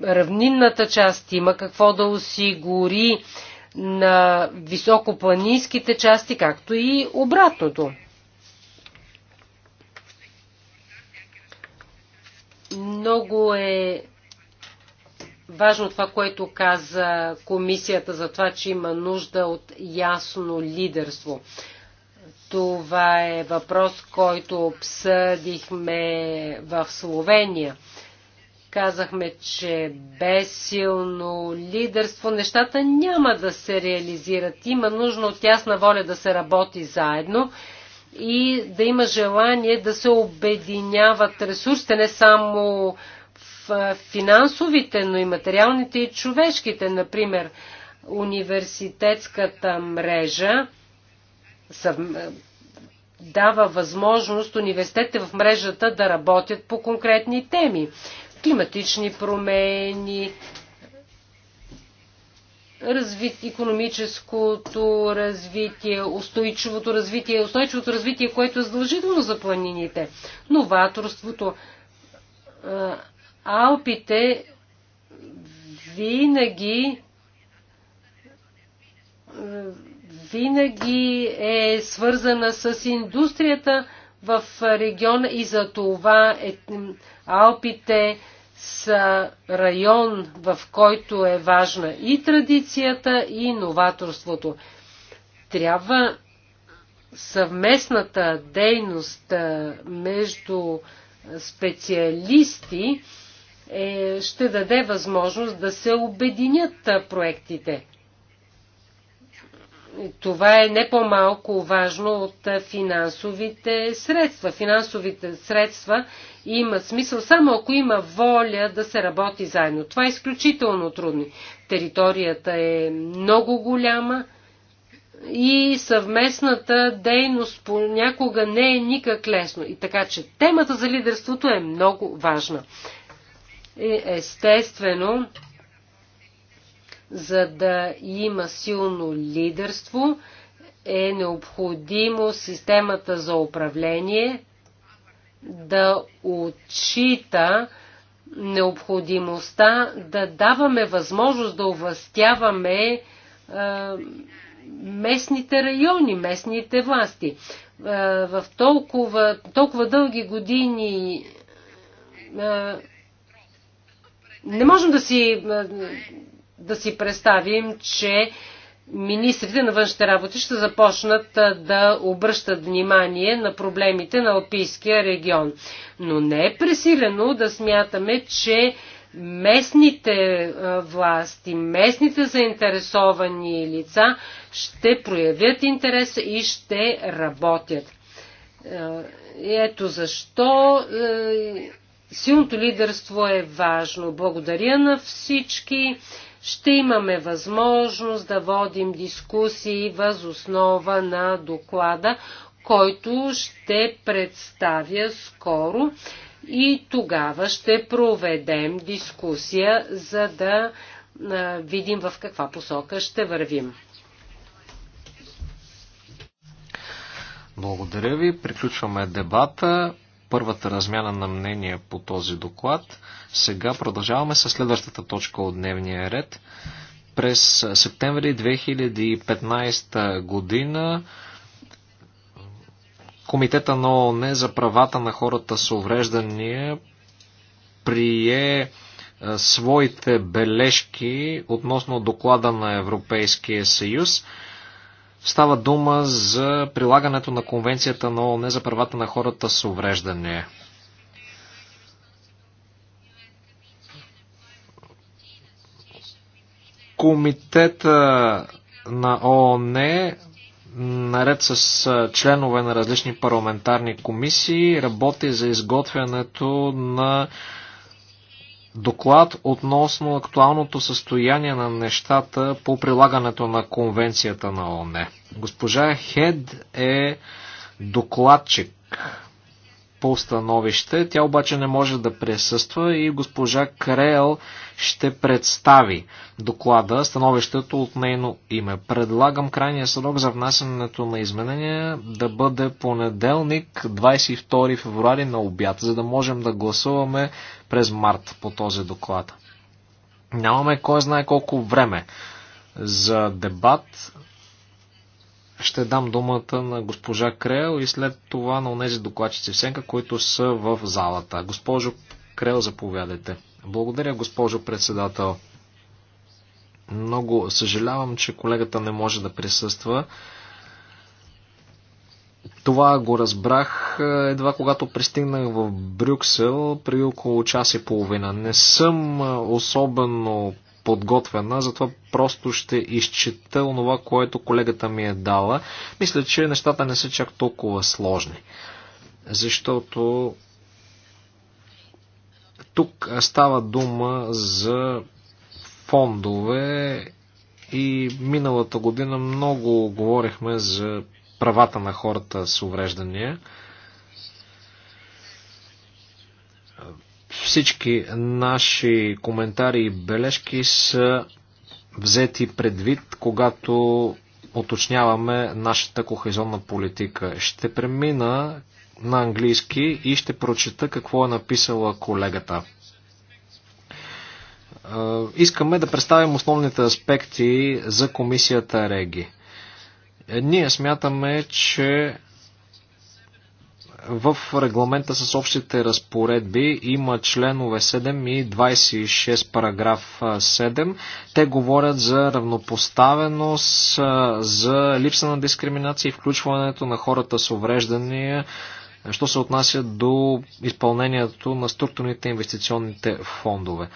Равнинната част има какво да осигури на високопланинските части, както и обратното. Много е важно това, което каза комисията за това, че има нужда от ясно лидерство. Това е въпрос, който обсъдихме в Словения. Казахме, че без силно лидерство нещата няма да се реализират. Има нужда от ясна воля да се работи заедно и да има желание да се обединяват ресурсите, не само в финансовите, но и материалните и човешките. Например, университетската мрежа дава възможност университетите в мрежата да работят по конкретни теми. Климатични промени, разви... економическото развитие, устойчивото развитие, устойчивото развитие, което е задължително за планините, новаторството. Алпите винаги винаги е свързана с индустрията в региона и за това е, Алпите са район, в който е важна и традицията, и новаторството. Трябва съвместната дейност между специалисти е, ще даде възможност да се обединят проектите. Това е не по-малко важно от финансовите средства. Финансовите средства има смисъл само ако има воля да се работи заедно. Това е изключително трудно. Територията е много голяма и съвместната дейност понякога не е никак лесно. И така, че темата за лидерството е много важна. Естествено, за да има силно лидерство, е необходимо системата за управление да отчита необходимостта да даваме възможност да овластяваме е, местните райони, местните власти. Е, в толкова, толкова дълги години е, не можем да си, е, да си представим, че министрите на външните работи ще започнат да обръщат внимание на проблемите на Алпийския регион. Но не е пресилено да смятаме, че местните власти, местните заинтересовани лица ще проявят интерес и ще работят. Ето защо силното лидерство е важно. Благодаря на всички ще имаме възможност да водим дискусии въз основа на доклада, който ще представя скоро и тогава ще проведем дискусия, за да видим в каква посока ще вървим. Благодаря ви. Приключваме дебата първата размяна на мнения по този доклад. Сега продължаваме с следващата точка от дневния ред. През септември 2015 година Комитета на ООН за правата на хората с увреждания прие е, своите бележки относно доклада на Европейския съюз. Става дума за прилагането на Конвенцията на ООН за правата на хората с увреждане. Комитета на ООН наред с членове на различни парламентарни комисии, работи за изготвянето на доклад относно актуалното състояние на нещата по прилагането на конвенцията на ООН. Госпожа Хед е докладчик по становище, тя обаче не може да присъства и госпожа Крел ще представи доклада, становището от нейно име. Предлагам крайния срок за внасянето на изменения да бъде понеделник, 22 февруари на обяд, за да можем да гласуваме през март по този доклад. Нямаме кой знае колко време за дебат. Ще дам думата на госпожа Крел и след това на тези докладчици в сенка, които са в залата. Госпожо Крел, заповядайте. Благодаря, госпожо председател. Много съжалявам, че колегата не може да присъства. Това го разбрах е, едва когато пристигнах в Брюксел при около час и половина. Не съм е, особено подготвена, затова просто ще изчета онова, което колегата ми е дала. Мисля, че нещата не са чак толкова сложни. Защото тук става дума за фондове и миналата година много говорихме за правата на хората с увреждания. Всички наши коментари и бележки са взети предвид, когато уточняваме нашата кохезионна политика. Ще премина на английски и ще прочета какво е написала колегата. Е, искаме да представим основните аспекти за комисията Реги. Ние смятаме, че в регламента с общите разпоредби има членове 7 и 26 параграф 7. Те говорят за равнопоставеност, за липса на дискриминация и включването на хората с увреждания, що се отнася до изпълнението на структурните инвестиционните фондове.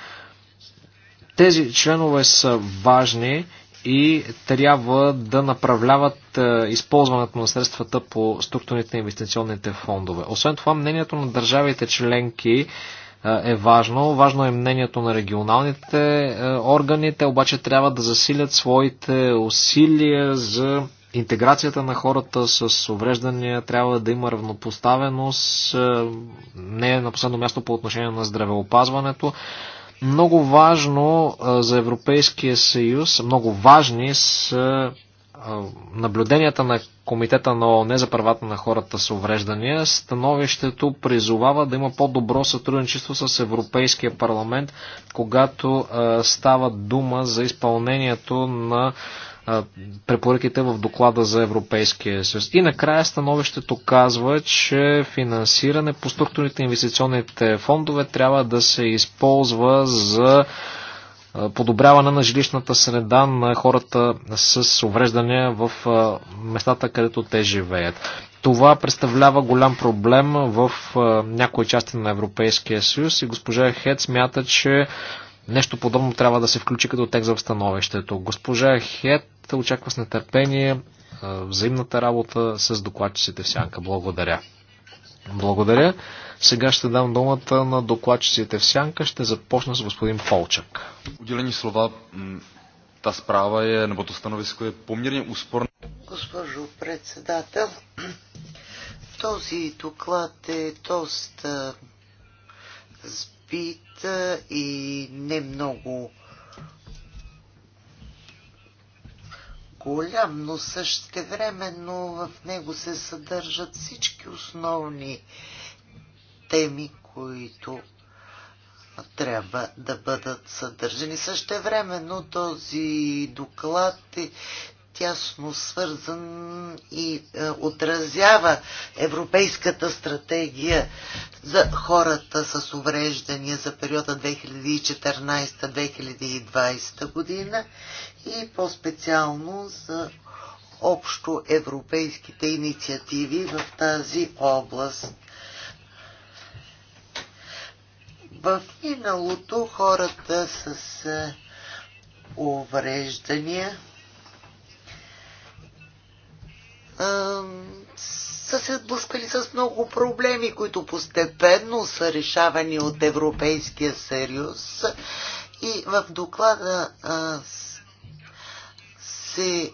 Тези членове са важни и трябва да направляват е, използването на средствата по структурните инвестиционните фондове. Освен това, мнението на държавите членки е, е важно. Важно е мнението на регионалните е, органи. Те обаче трябва да засилят своите усилия за интеграцията на хората с увреждания. Трябва да има равнопоставеност. Не е на последно място по отношение на здравеопазването. Много важно за Европейския съюз, много важни са наблюденията на Комитета на ООН за правата на хората с увреждания, становището призовава да има по-добро сътрудничество с Европейския парламент, когато става дума за изпълнението на препоръките в доклада за Европейския съюз. И накрая становището казва, че финансиране по структурните инвестиционните фондове трябва да се използва за подобряване на жилищната среда на хората с увреждания в местата, където те живеят. Това представлява голям проблем в някои части на Европейския съюз и госпожа Хед смята, че Нещо подобно трябва да се включи като текст в становището. Госпожа Хет очаква с нетърпение взаимната работа с докладчиците в Сянка. Благодаря. Благодаря. Сега ще дам думата на докладчиците в Сянка. Ще започна с господин Полчак. Отделени слова, та справа е, небото становиско е помирно успорно. Госпожо председател, този доклад е доста опит и не много голям, но същевременно в него се съдържат всички основни теми, които трябва да бъдат съдържани. Същевременно този доклад е тясно свързан и е, отразява Европейската стратегия за хората с увреждания за периода 2014-2020 година и по-специално за общо европейските инициативи в тази област. В миналото хората с е, увреждания са се сблъскали с много проблеми, които постепенно са решавани от Европейския съюз. И в доклада се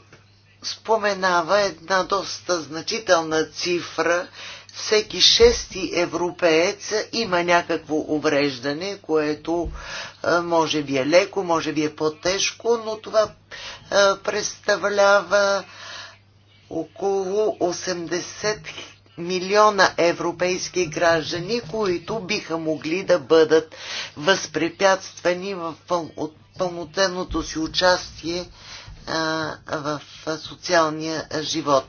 споменава една доста значителна цифра. Всеки шести европеец има някакво увреждане, което може би е леко, може би е по-тежко, но това представлява около 80 милиона европейски граждани, които биха могли да бъдат възпрепятствани в пъл... от пълноценното си участие а, в социалния живот.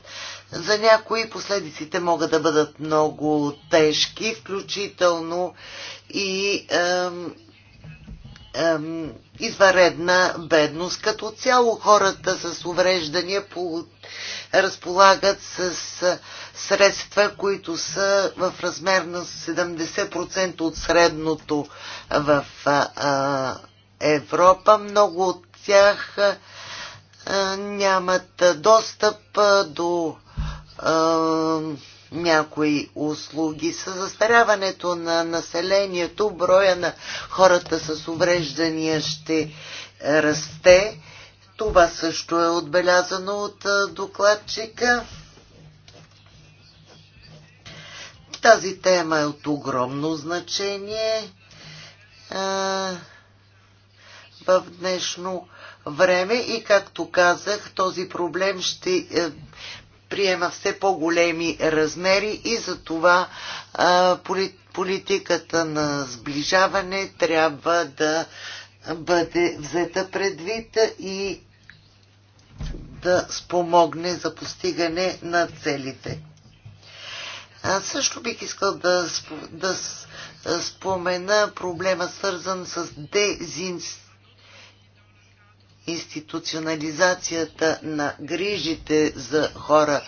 За някои последиците могат да бъдат много тежки, включително и ам, ам, изваредна бедност. Като цяло хората с увреждания по разполагат с средства, които са в размер на 70% от средното в Европа. Много от тях нямат достъп до някои услуги. С застаряването на населението, броя на хората с увреждания ще расте това също е отбелязано от докладчика. Тази тема е от огромно значение в днешно време и както казах, този проблем ще е, приема все по-големи размери и за това политиката на сближаване трябва да бъде взета предвид и да спомогне за постигане на целите. Аз също бих искал да, да спомена проблема, свързан с дезинституционализацията на грижите за хората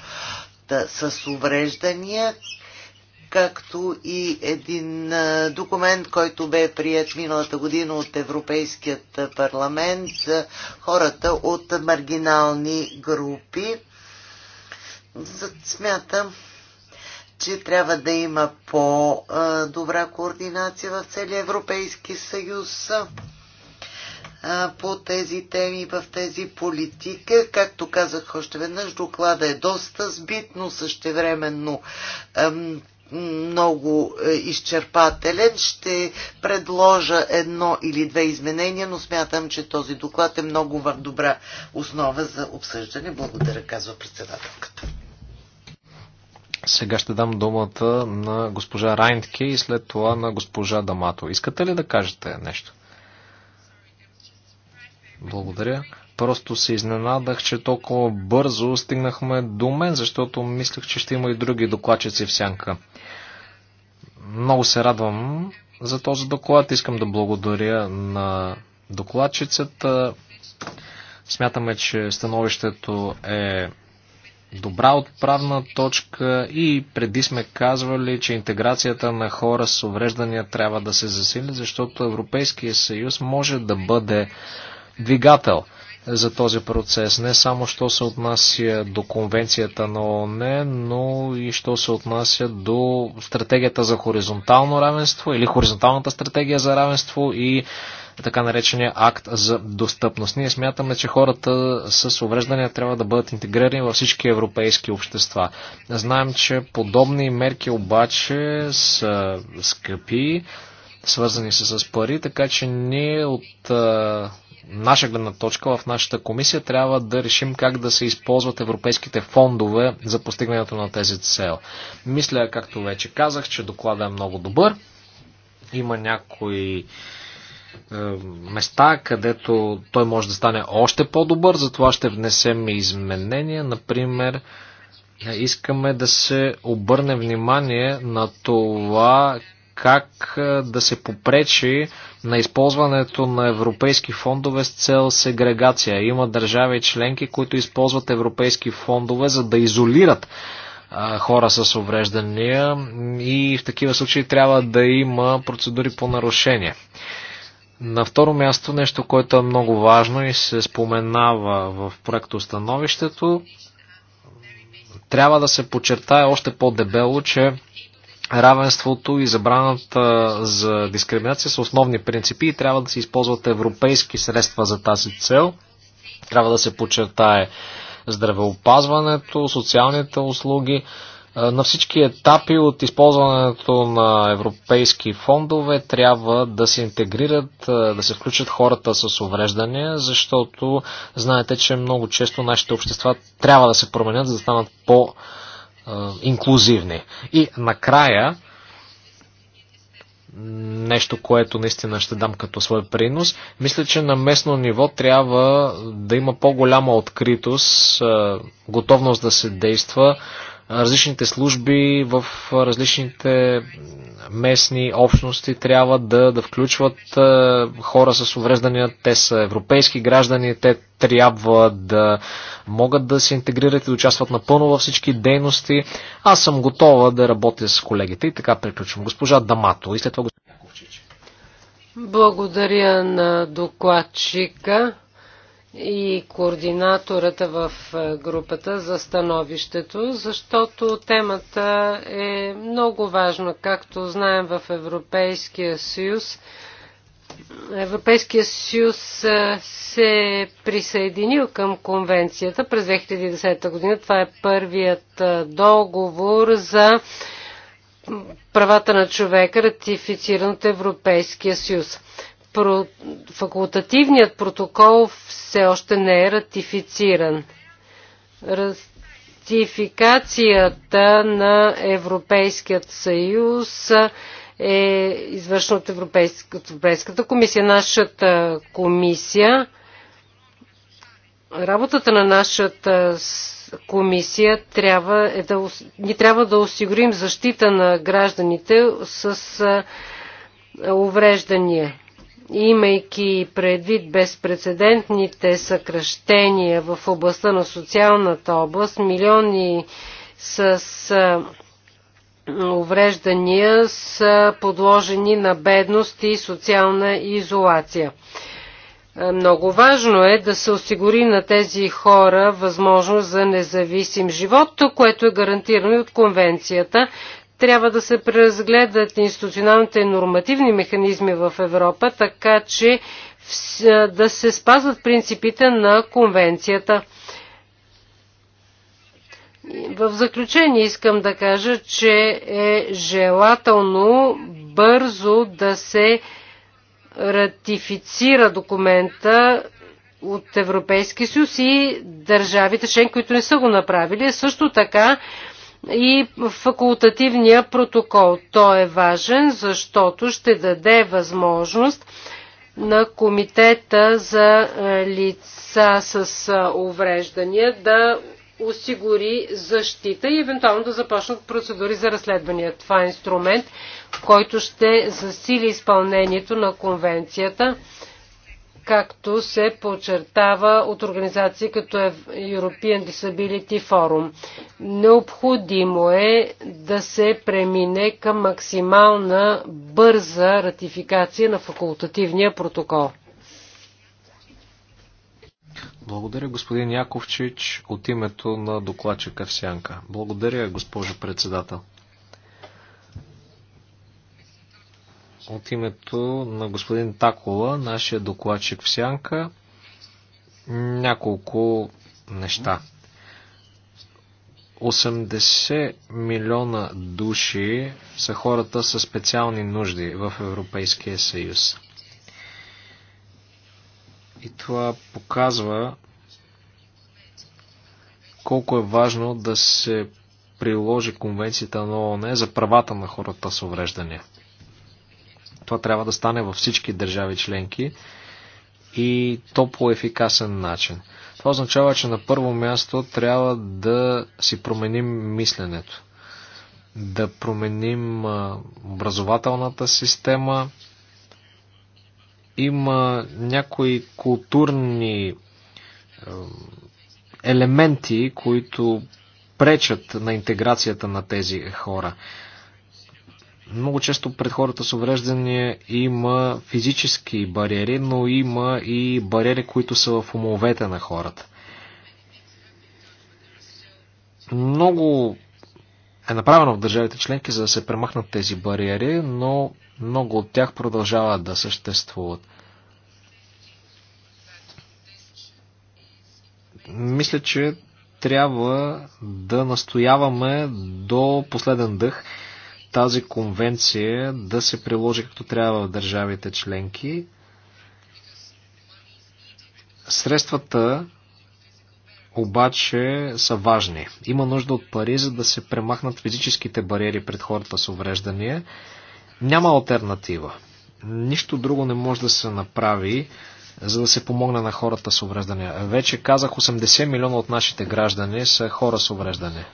с увреждания, както и един документ, който бе прият миналата година от Европейският парламент за хората от маргинални групи. Смятам, че трябва да има по-добра координация в целия Европейски съюз по тези теми, в тези политика. Както казах още веднъж, доклада е доста сбит, но същевременно много е, изчерпателен. Ще предложа едно или две изменения, но смятам, че този доклад е много в добра основа за обсъждане. Благодаря, казва председателката. Сега ще дам думата на госпожа Райнтке и след това на госпожа Дамато. Искате ли да кажете нещо? Благодаря. Просто се изненадах, че толкова бързо стигнахме до мен, защото мислех, че ще има и други докладчици в сянка. Много се радвам за този доклад. Искам да благодаря на докладчицата. Смятаме, че становището е добра отправна точка и преди сме казвали, че интеграцията на хора с увреждания трябва да се засили, защото Европейския съюз може да бъде двигател за този процес. Не само, що се отнася до конвенцията на ООН, но и що се отнася до стратегията за хоризонтално равенство или хоризонталната стратегия за равенство и така наречения акт за достъпност. Ние смятаме, че хората с увреждания трябва да бъдат интегрирани във всички европейски общества. Знаем, че подобни мерки обаче са скъпи, свързани са с пари, така че ние от наша гледна точка в нашата комисия трябва да решим как да се използват европейските фондове за постигането на тези цел. Мисля, както вече казах, че доклада е много добър. Има някои е, места, където той може да стане още по-добър, затова ще внесем изменения. Например, е, искаме да се обърне внимание на това как да се попречи на използването на европейски фондове с цел сегрегация. Има държави членки, които използват европейски фондове, за да изолират хора с увреждания и в такива случаи трябва да има процедури по нарушение. На второ място нещо, което е много важно и се споменава в проектостановището, трябва да се подчертае още по-дебело, че равенството и забраната за дискриминация са основни принципи и трябва да се използват европейски средства за тази цел. Трябва да се подчертае здравеопазването, социалните услуги. На всички етапи от използването на европейски фондове трябва да се интегрират, да се включат хората с увреждания, защото знаете, че много често нашите общества трябва да се променят, за да станат по- инклюзивни. И накрая, нещо, което наистина ще дам като свой принос. Мисля, че на местно ниво трябва да има по-голяма откритост, готовност да се действа, различните служби в различните местни общности трябва да, да включват е, хора с увреждания. Те са европейски граждани, те трябва да могат да се интегрират и да участват напълно във всички дейности. Аз съм готова да работя с колегите и така приключвам. Госпожа Дамато и след това госпожа Благодаря на докладчика и координатората в е, групата за становището, защото темата е много важна. Както знаем в Европейския съюз, Европейския съюз е, се е присъединил към конвенцията през 2010 година. Това е първият е, договор за правата на човека, ратифициран от Европейския съюз. Про... Факултативният протокол все още не е ратифициран. Ратификацията на Европейският съюз е извършена от Европейската комисия. Нашата комисия, работата на нашата комисия трябва е да, ни трябва да осигурим защита на гражданите с увреждания имайки предвид безпредседентните съкръщения в областта на социалната област, милиони с увреждания са подложени на бедност и социална изолация. Много важно е да се осигури на тези хора възможност за независим живот, което е гарантирано и от конвенцията. Трябва да се преразгледат институционалните нормативни механизми в Европа, така че да се спазват принципите на конвенцията. В заключение искам да кажа, че е желателно бързо да се ратифицира документа от Европейски съюз и държавите член, които не са го направили. Също така и факултативния протокол. Той е важен, защото ще даде възможност на Комитета за е, лица с е, увреждания да осигури защита и евентуално да започнат процедури за разследвания. Това е инструмент, който ще засили изпълнението на конвенцията както се подчертава от организации като European Disability Forum. Необходимо е да се премине към максимална бърза ратификация на факултативния протокол. Благодаря, господин Яковчич, от името на докладчика в Сянка. Благодаря, госпожо председател. от името на господин Такола, нашия докладчик в Сянка, няколко неща. 80 милиона души са хората с специални нужди в Европейския съюз. И това показва колко е важно да се приложи конвенцията на ООН за правата на хората с увреждания. Това трябва да стане във всички държави членки и то по ефикасен начин. Това означава, че на първо място трябва да си променим мисленето, да променим образователната система. Има някои културни елементи, които пречат на интеграцията на тези хора. Много често пред хората с увреждания има физически бариери, но има и бариери, които са в умовете на хората. Много е направено в държавите членки, за да се премахнат тези бариери, но много от тях продължават да съществуват. Мисля, че трябва да настояваме до последен дъх тази конвенция да се приложи както трябва в държавите членки. Средствата обаче са важни. Има нужда от пари, за да се премахнат физическите бариери пред хората с увреждания. Няма альтернатива. Нищо друго не може да се направи, за да се помогне на хората с увреждания. Вече казах, 80 милиона от нашите граждани са хора с увреждания.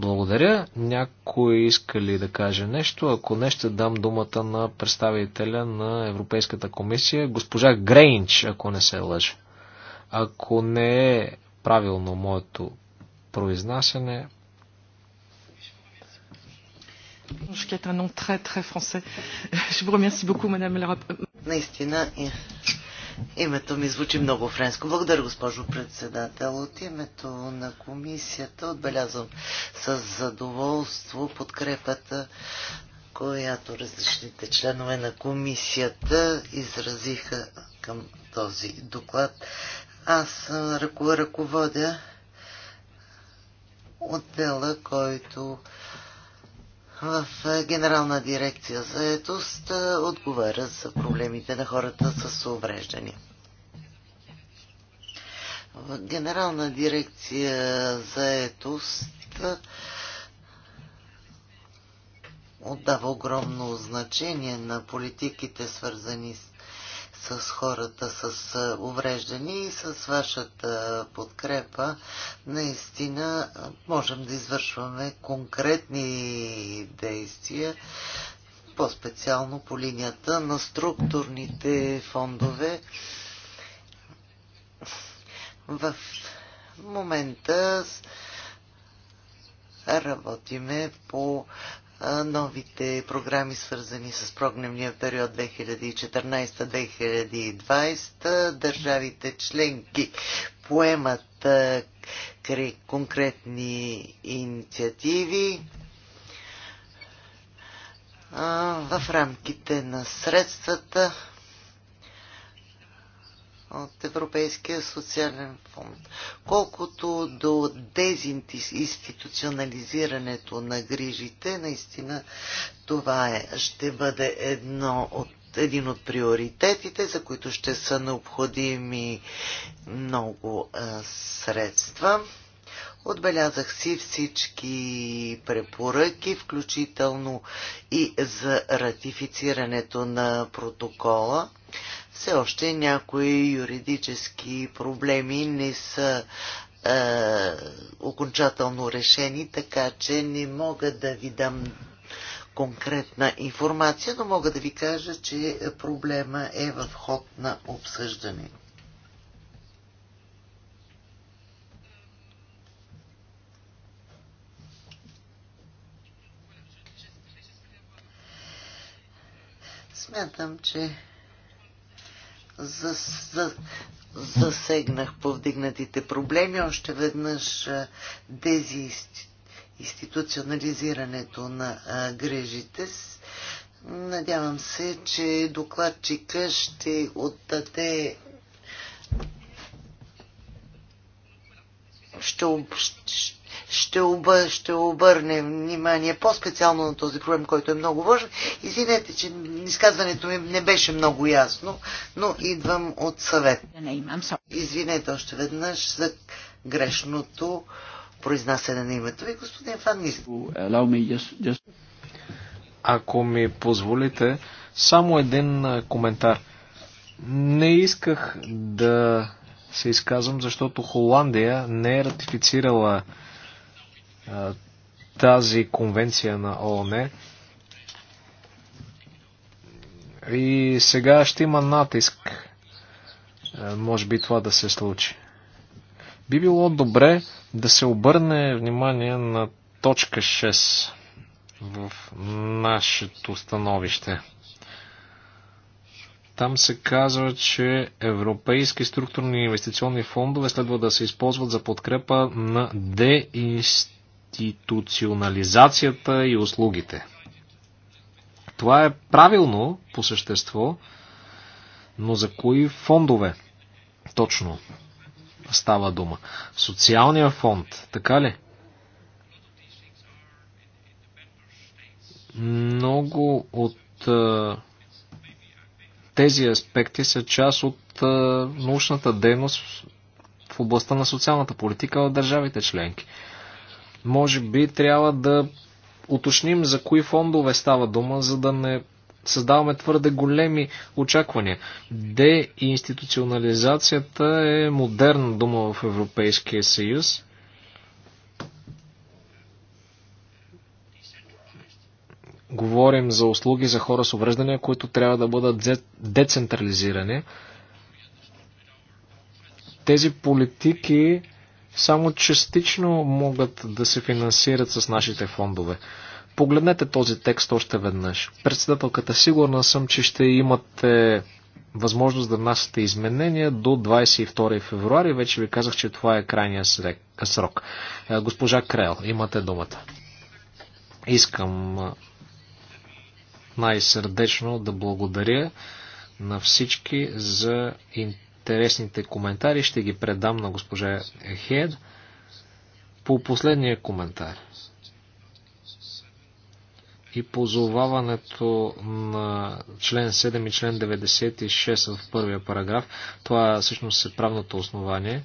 Благодаря. Някой иска ли да каже нещо? Ако не, ще дам думата на представителя на Европейската комисия, госпожа Грейнч, ако не се лъжа. Ако не е правилно моето произнасяне, Наистина, Името ми звучи много френско. Благодаря, госпожо председател. От името на комисията отбелязвам с задоволство подкрепата, която различните членове на комисията изразиха към този доклад. Аз ръководя отдела, който в Генерална дирекция за етост е, отговаря за проблемите на хората с увреждания. В Генерална дирекция за етост е, отдава огромно значение на политиките, свързани с с хората с увреждани и с вашата подкрепа наистина можем да извършваме конкретни действия, по-специално по линията на структурните фондове. В момента работиме по новите програми, свързани с прогневния период 2014-2020. Държавите членки поемат конкретни инициативи в рамките на средствата от Европейския социален фонд. Колкото до дезинституционализирането на грижите, наистина това е, ще бъде едно от един от приоритетите, за които ще са необходими много а, средства. Отбелязах си всички препоръки, включително и за ратифицирането на протокола все още някои юридически проблеми не са е, окончателно решени, така че не мога да ви дам конкретна информация, но мога да ви кажа, че проблема е в ход на обсъждане. Смятам, че засегнах повдигнатите проблеми. Още веднъж дези институционализирането на грежите. Надявам се, че докладчика ще отдаде ще, ще ще, обър, ще обърне внимание по-специално на този проблем, който е много важен. Извинете, че изказването ми не беше много ясно, но идвам от съвет. Извинете още веднъж за грешното произнасяне на името ви, господин Фаннис. Ако ми позволите, само един коментар. Не исках да се изказвам, защото Холандия не е ратифицирала тази конвенция на ООН. И сега ще има натиск, може би това да се случи. Би било добре да се обърне внимание на точка 6 в нашето становище. Там се казва, че европейски структурни инвестиционни фондове следва да се използват за подкрепа на деинституционализацията институционализацията и услугите. Това е правилно по същество, но за кои фондове точно става дума? Социалния фонд, така ли? Много от тези аспекти са част от научната дейност в областта на социалната политика в държавите членки. Може би трябва да уточним за кои фондове става дума, за да не създаваме твърде големи очаквания. Деинституционализацията е модерна дума в Европейския съюз. Говорим за услуги за хора с увреждания, които трябва да бъдат децентрализирани. Тези политики само частично могат да се финансират с нашите фондове. Погледнете този текст още веднъж. Председателката, сигурна съм, че ще имате възможност да внасяте изменения до 22 февруари. Вече ви казах, че това е крайния срок. Е, госпожа Крел, имате думата. Искам е, най-сърдечно да благодаря на всички за интереса интересните коментари ще ги предам на госпожа Хед. По последния коментар и позоваването на член 7 и член 96 в първия параграф, това всъщност е правното основание.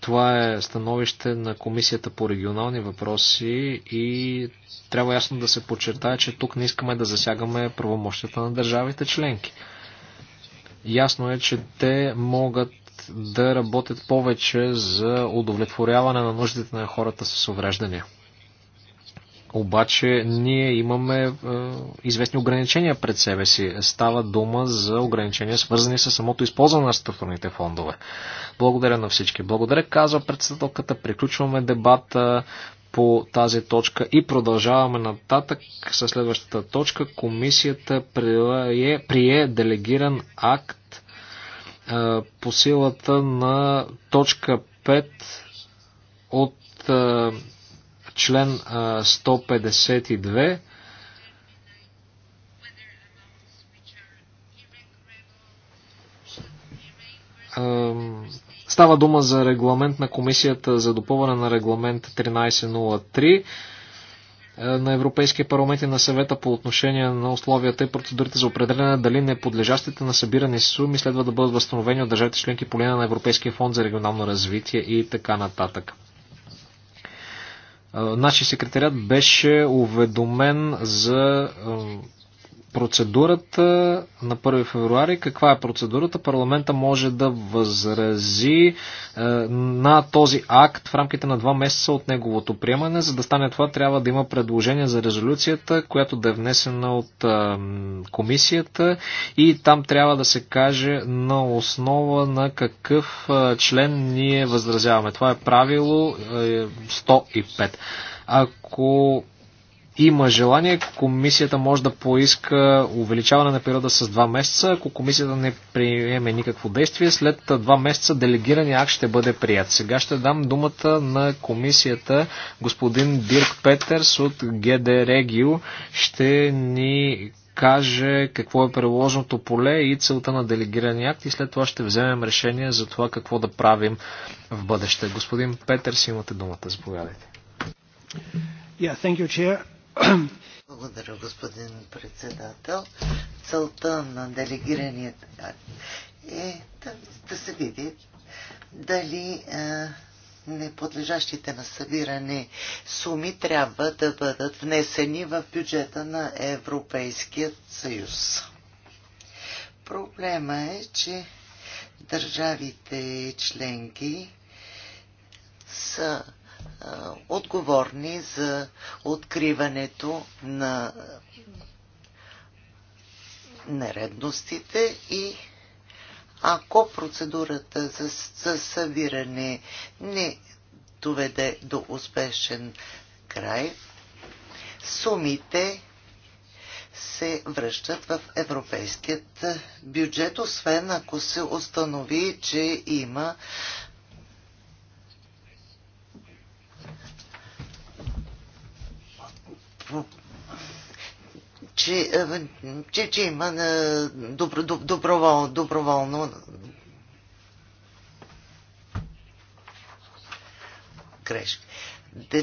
Това е становище на Комисията по регионални въпроси и трябва ясно да се подчертая, че тук не искаме да засягаме правомощията на държавите членки. Ясно е, че те могат да работят повече за удовлетворяване на нуждите на хората с увреждания. Обаче ние имаме е, известни ограничения пред себе си. Става дума за ограничения, свързани с самото използване на структурните фондове. Благодаря на всички. Благодаря, казва председателката. Приключваме дебата по тази точка и продължаваме нататък със следващата точка. Комисията прие, прие делегиран акт е, по силата на точка 5 от е, член е, 152 е, Става дума за регламент на комисията за допълване на регламент 1303 е, на Европейския парламент и на съвета по отношение на условията и процедурите за определене дали не подлежащите на събирани суми следва да бъдат възстановени от държавите членки по линия на Европейския фонд за регионално развитие и така нататък. Е, нашия секретарят беше уведомен за процедурата на 1 февруари. Каква е процедурата? Парламента може да възрази е, на този акт в рамките на два месеца от неговото приемане. За да стане това, трябва да има предложение за резолюцията, която да е внесена от е, комисията и там трябва да се каже на основа на какъв е, член ние възразяваме. Това е правило е, 105. Ако има желание, комисията може да поиска увеличаване на периода с 2 месеца. Ако комисията не приеме никакво действие, след 2 месеца делегирания акт ще бъде прият. Сега ще дам думата на комисията. Господин Дирк Петерс от ГД Регио ще ни каже какво е приложното поле и целта на делегирания акт и след това ще вземем решение за това какво да правим в бъдеще. Господин Петерс, имате думата. Заповядайте. Yeah, thank you, Chair. Благодаря, господин председател. Целта на делегирания е да, да се види дали а, е, неподлежащите на събиране суми трябва да бъдат внесени в бюджета на Европейският съюз. Проблема е, че държавите членки са отговорни за откриването на нередностите и ако процедурата за, за събиране не доведе до успешен край, сумите се връщат в европейският бюджет, освен ако се установи, че има че, е, че, че има е, добро, доброволно, доброволно грешка.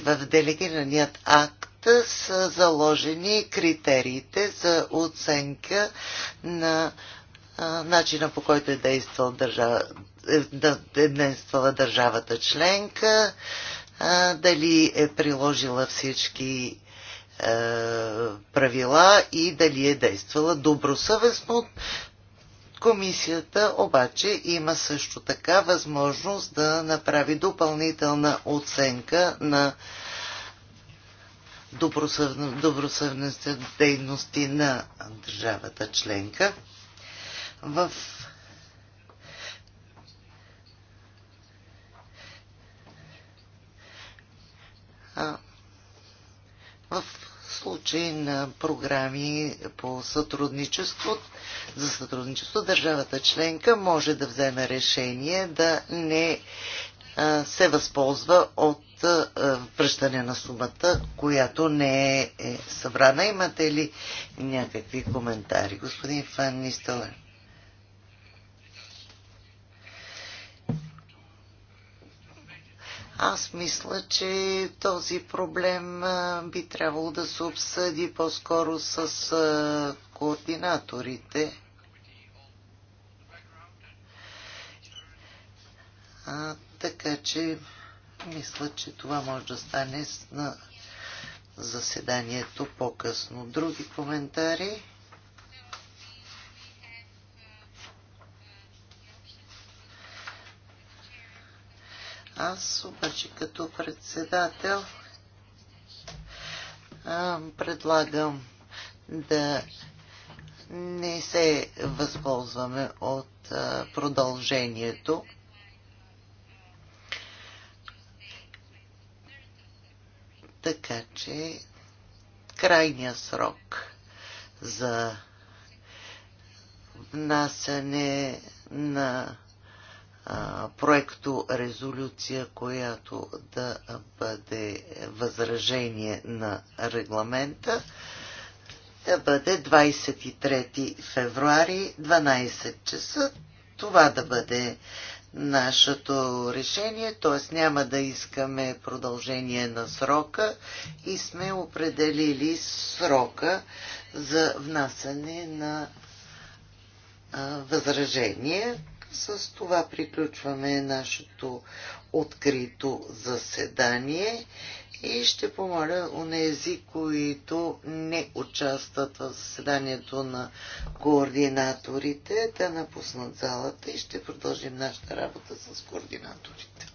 В делегираният акт са заложени критериите за оценка на а, е, начина по който е действала държава, е държавата членка, а, дали е приложила всички е, правила и дали е действала добросъвестно. Комисията обаче има също така възможност да направи допълнителна оценка на добросъвестните дейности на държавата членка. В в случай на програми по сътрудничество. За сътрудничество държавата членка може да вземе решение да не се възползва от връщане на сумата, която не е, е събрана. Имате ли някакви коментари, господин Фан Нистелен? Аз мисля, че този проблем би трябвало да се обсъди по-скоро с координаторите. А, така че мисля, че това може да стане на заседанието по-късно. Други коментари? Аз обаче като председател предлагам да не се възползваме от продължението. Така че крайния срок за внасяне на проекто резолюция, която да бъде възражение на регламента, да бъде 23 февруари 12 часа. Това да бъде нашето решение, т.е. няма да искаме продължение на срока и сме определили срока за внасяне на възражение с това приключваме нашето открито заседание и ще помоля у нези, които не участват в заседанието на координаторите, да напуснат залата и ще продължим нашата работа с координаторите.